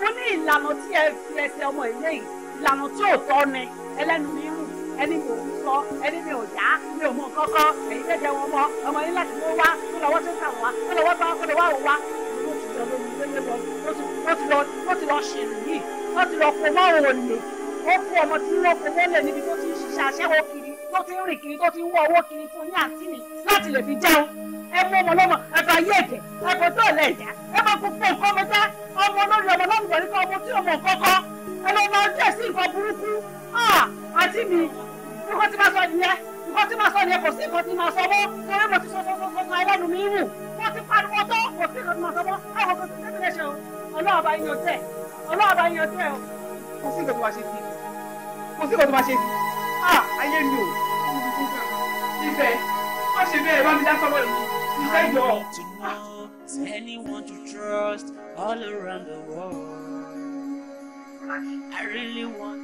mo ní ìlànà tí ẹ fi ẹsẹ̀ ọmọ ìlẹ́yìn ìlànà tí ò ni ẹlẹ́nu mi r ẹni mi ò ń sọ ẹni mi ò dá mi ò mọ nǹkan èyí tẹ́ jẹ́ wọn mọ́ ọmọ yín láti mú wá kó lọ́wọ́ tó kà wá kó lọ́wọ́ bá kó lọ́wọ́ àwọ̀ wá ó ti lọ ṣèlú yìí ó ti lọ fọmọ́ òòlè ó kú ọmọ tí wọ́n fọmọ́ lẹ̀ níbi tó ti ń ṣiṣẹ́ aṣẹ́wó kiri tó ti ń rìn kiri tó ti ń wọ owó kiri fún yín àti mi láti lè fi jẹun ẹ mú ọmọ lọ́mọ ẹ fà yé ẹ̀jẹ̀ tó lẹ̀ ẹ̀já ẹ bá gbogbo nǹkan mi ọmọ lórí ọmọ lọ́mọ ìgbàlódé ọmọ tí ọmọ kọ́kọ́ ẹ lọ́ máa jẹ́ sí nǹkan burúkú ah, àti mi nǹkan tí màá sọ nìyẹn nǹkan tí màá sọ nìyẹn kò sí nǹkan tí màá sọ mọ́ torí mo ti sọ sọ sọ sọ ẹlẹ́nu mi rù wọ́n ti pariwo tó kò sí nǹkan tí màá sọ mọ́ àwọn kò sí nǹkan tí ṣe o ọlọ́wọ́ bá yan tẹ̀ ọlọ́wọ́ bá yan tẹ̀ o kò sí nǹkan tí wàá ṣe sí ah ayé mi o ibẹ̀ wọ́n ṣe bẹ́ẹ̀ bá mi dá sọ́wọ́ yìí iṣẹ́ ìjọ. Anyone to trust all around the world. I really want.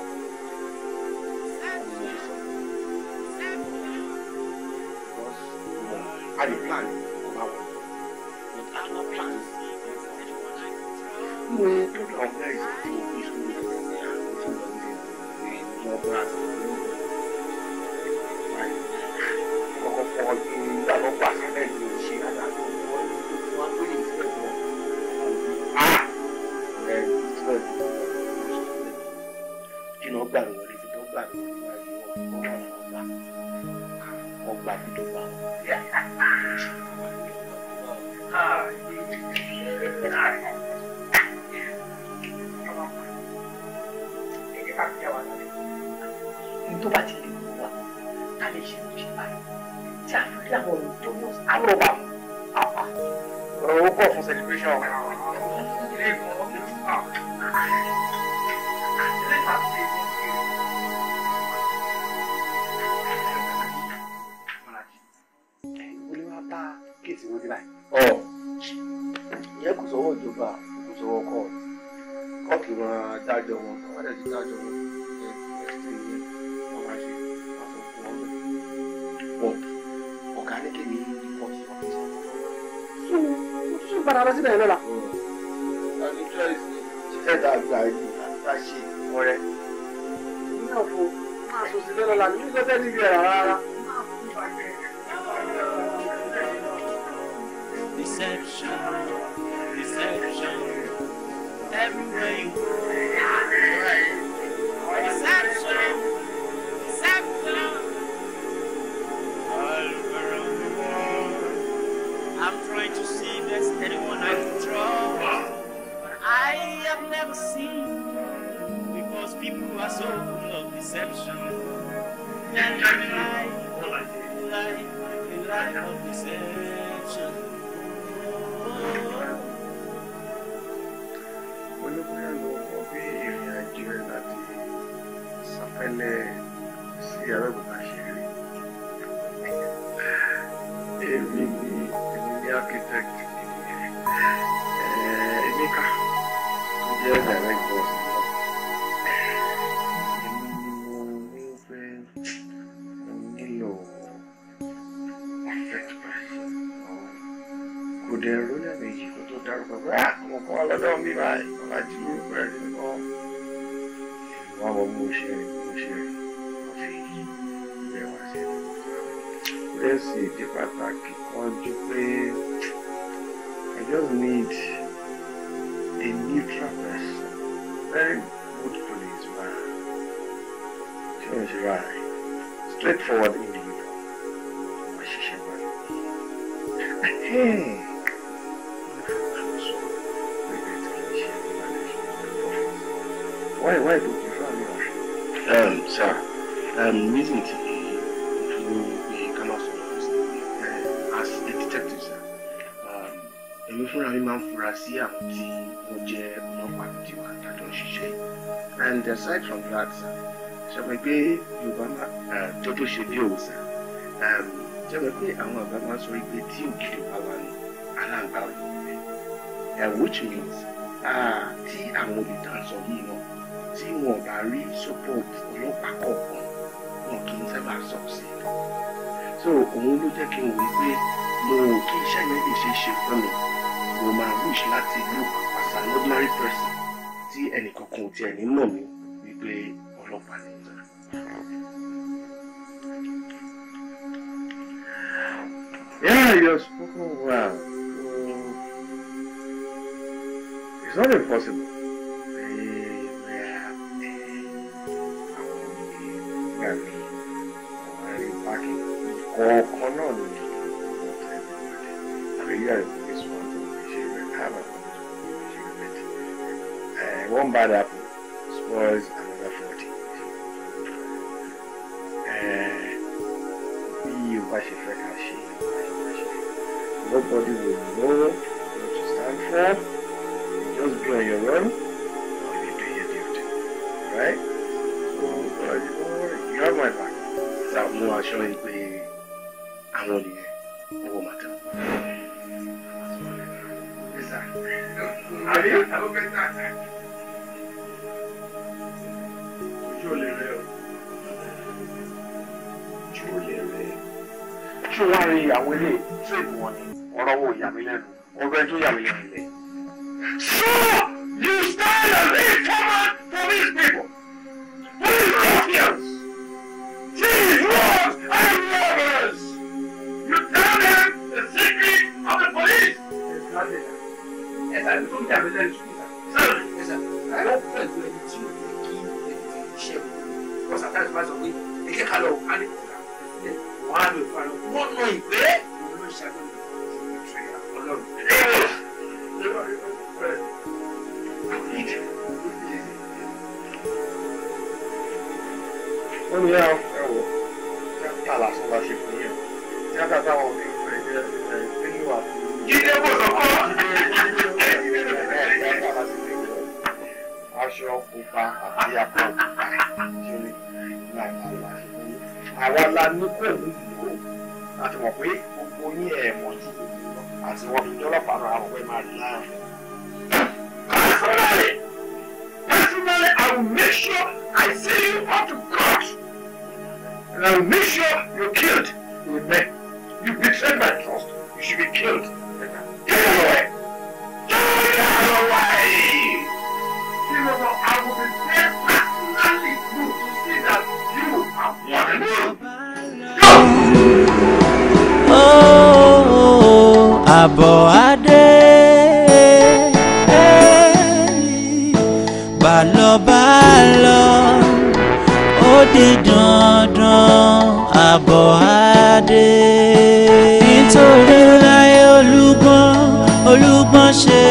life, I'll of deception. aside from that ṣe mọ̀ pé yorùbá tọ́jú ṣe bí òòsàn ṣe mọ̀ pé àwọn àgbà máa sọ pé tí ògidì wà wà ní aláǹgbá òyìnbó which means tí àwọn olùdáǹsọ yìí náà tí wọn bá rí support ọlọ́pàá kọ̀ọ̀kan wọn kì í sábà sọ sí i so òun ló jẹ́ kí n wò pé mo ò kí iṣẹ́ yẹn lè ṣe é ṣe fún mi mo máa wish láti look as an ordinary person tí ẹnìkankan ò tiẹ̀ ní mọ̀ mi pé ọlọ́pàá ni. Yeah, you have spoken well. Uh, it's not impossible. Ọ̀kan náà ni ọ̀tẹ̀ ìgbàlẹ̀. Àríyá ìgbàlẹ̀. one bad apple spoils bá ṣe fẹ́ ká ṣe nobody will know what to stand for you just be on your own or you do your duty right so uh, oh, you have my back ṣàmú aṣọ yìí pé àwọn nìyẹn owó màtá. àbí àwọn bẹ́ẹ̀ tà. ṣé wàá rí àwọn ilé tí èmi wọn ni ọ̀rọ̀ wo yà lẹ́nu ọ̀rọ̀ ẹ tó lẹ́nu lẹ́. So you stand as a common for these people who is ruffians thieves robbers and robbers you tell them the secret of the police. Yes, I don't have a lens. Sir, yes, sir. I don't feel like you need to give anything to share because at times, man, so we, they get hello, and àmì ìparun wọ́n mọ ìgbé òun ló ń ṣàgbọ́n ọlọ́run. wọ́n ní ẹ wọ tíátà lásán la ṣe fún yẹn tíátà táwọn òbí ń pè é nínú àpò. jíde bò sọ́kọ́. aṣọ pupa àti akọ pupa ṣe ní ìlànà àṣẹ. àwa la ní kò ní a ti pé gbogbo yín ẹ̀ mọ̀ jù a ti wọ́n fi dọ́lọ́pàá náà àwọn ọ̀gbẹ́ máa rí láàrin. personally personally I will make sure I send you up to court, and I will make sure you killed amen you betrayed my trust you should be killed get away get away you know I will be there personally to see that you are one. àbọ̀ adé bàlọ́bà lọ ó di dandan àbọ̀ adé nítorí láyé olúgbọ́n olúgbọ́n ṣe.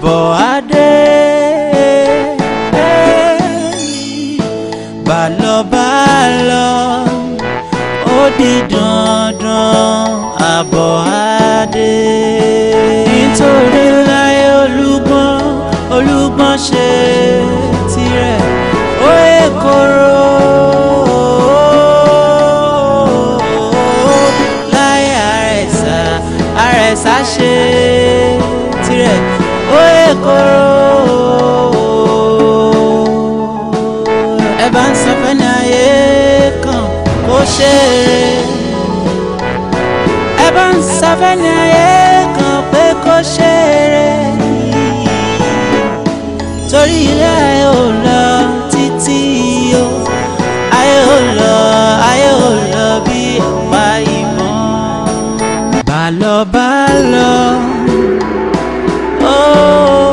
boy. ṣe rè ẹ bá ń safẹ́ ní ayé kan pé kó ṣe rè torí ilé ayé ò lọ títí o ayé ò lọ ayé ò lọ bí ọ̀pá ìmọ̀ bàlọ́ bàlọ́ ó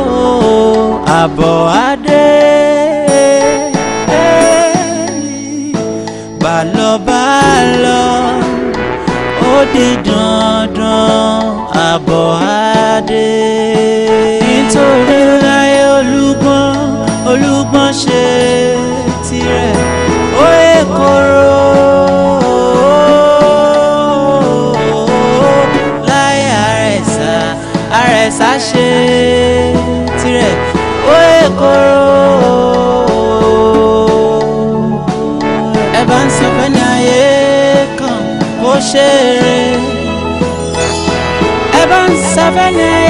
oh, àbọ̀ ayé. di dandan àbọ̀ adé. nítorí láyé olúgbọ́n olúgbọ́n ṣe tirẹ̀ ó yẹ kóró. láyé àrẹ̀sà àrẹ̀sà ṣe tirẹ̀ ó yẹ kóró. covenant.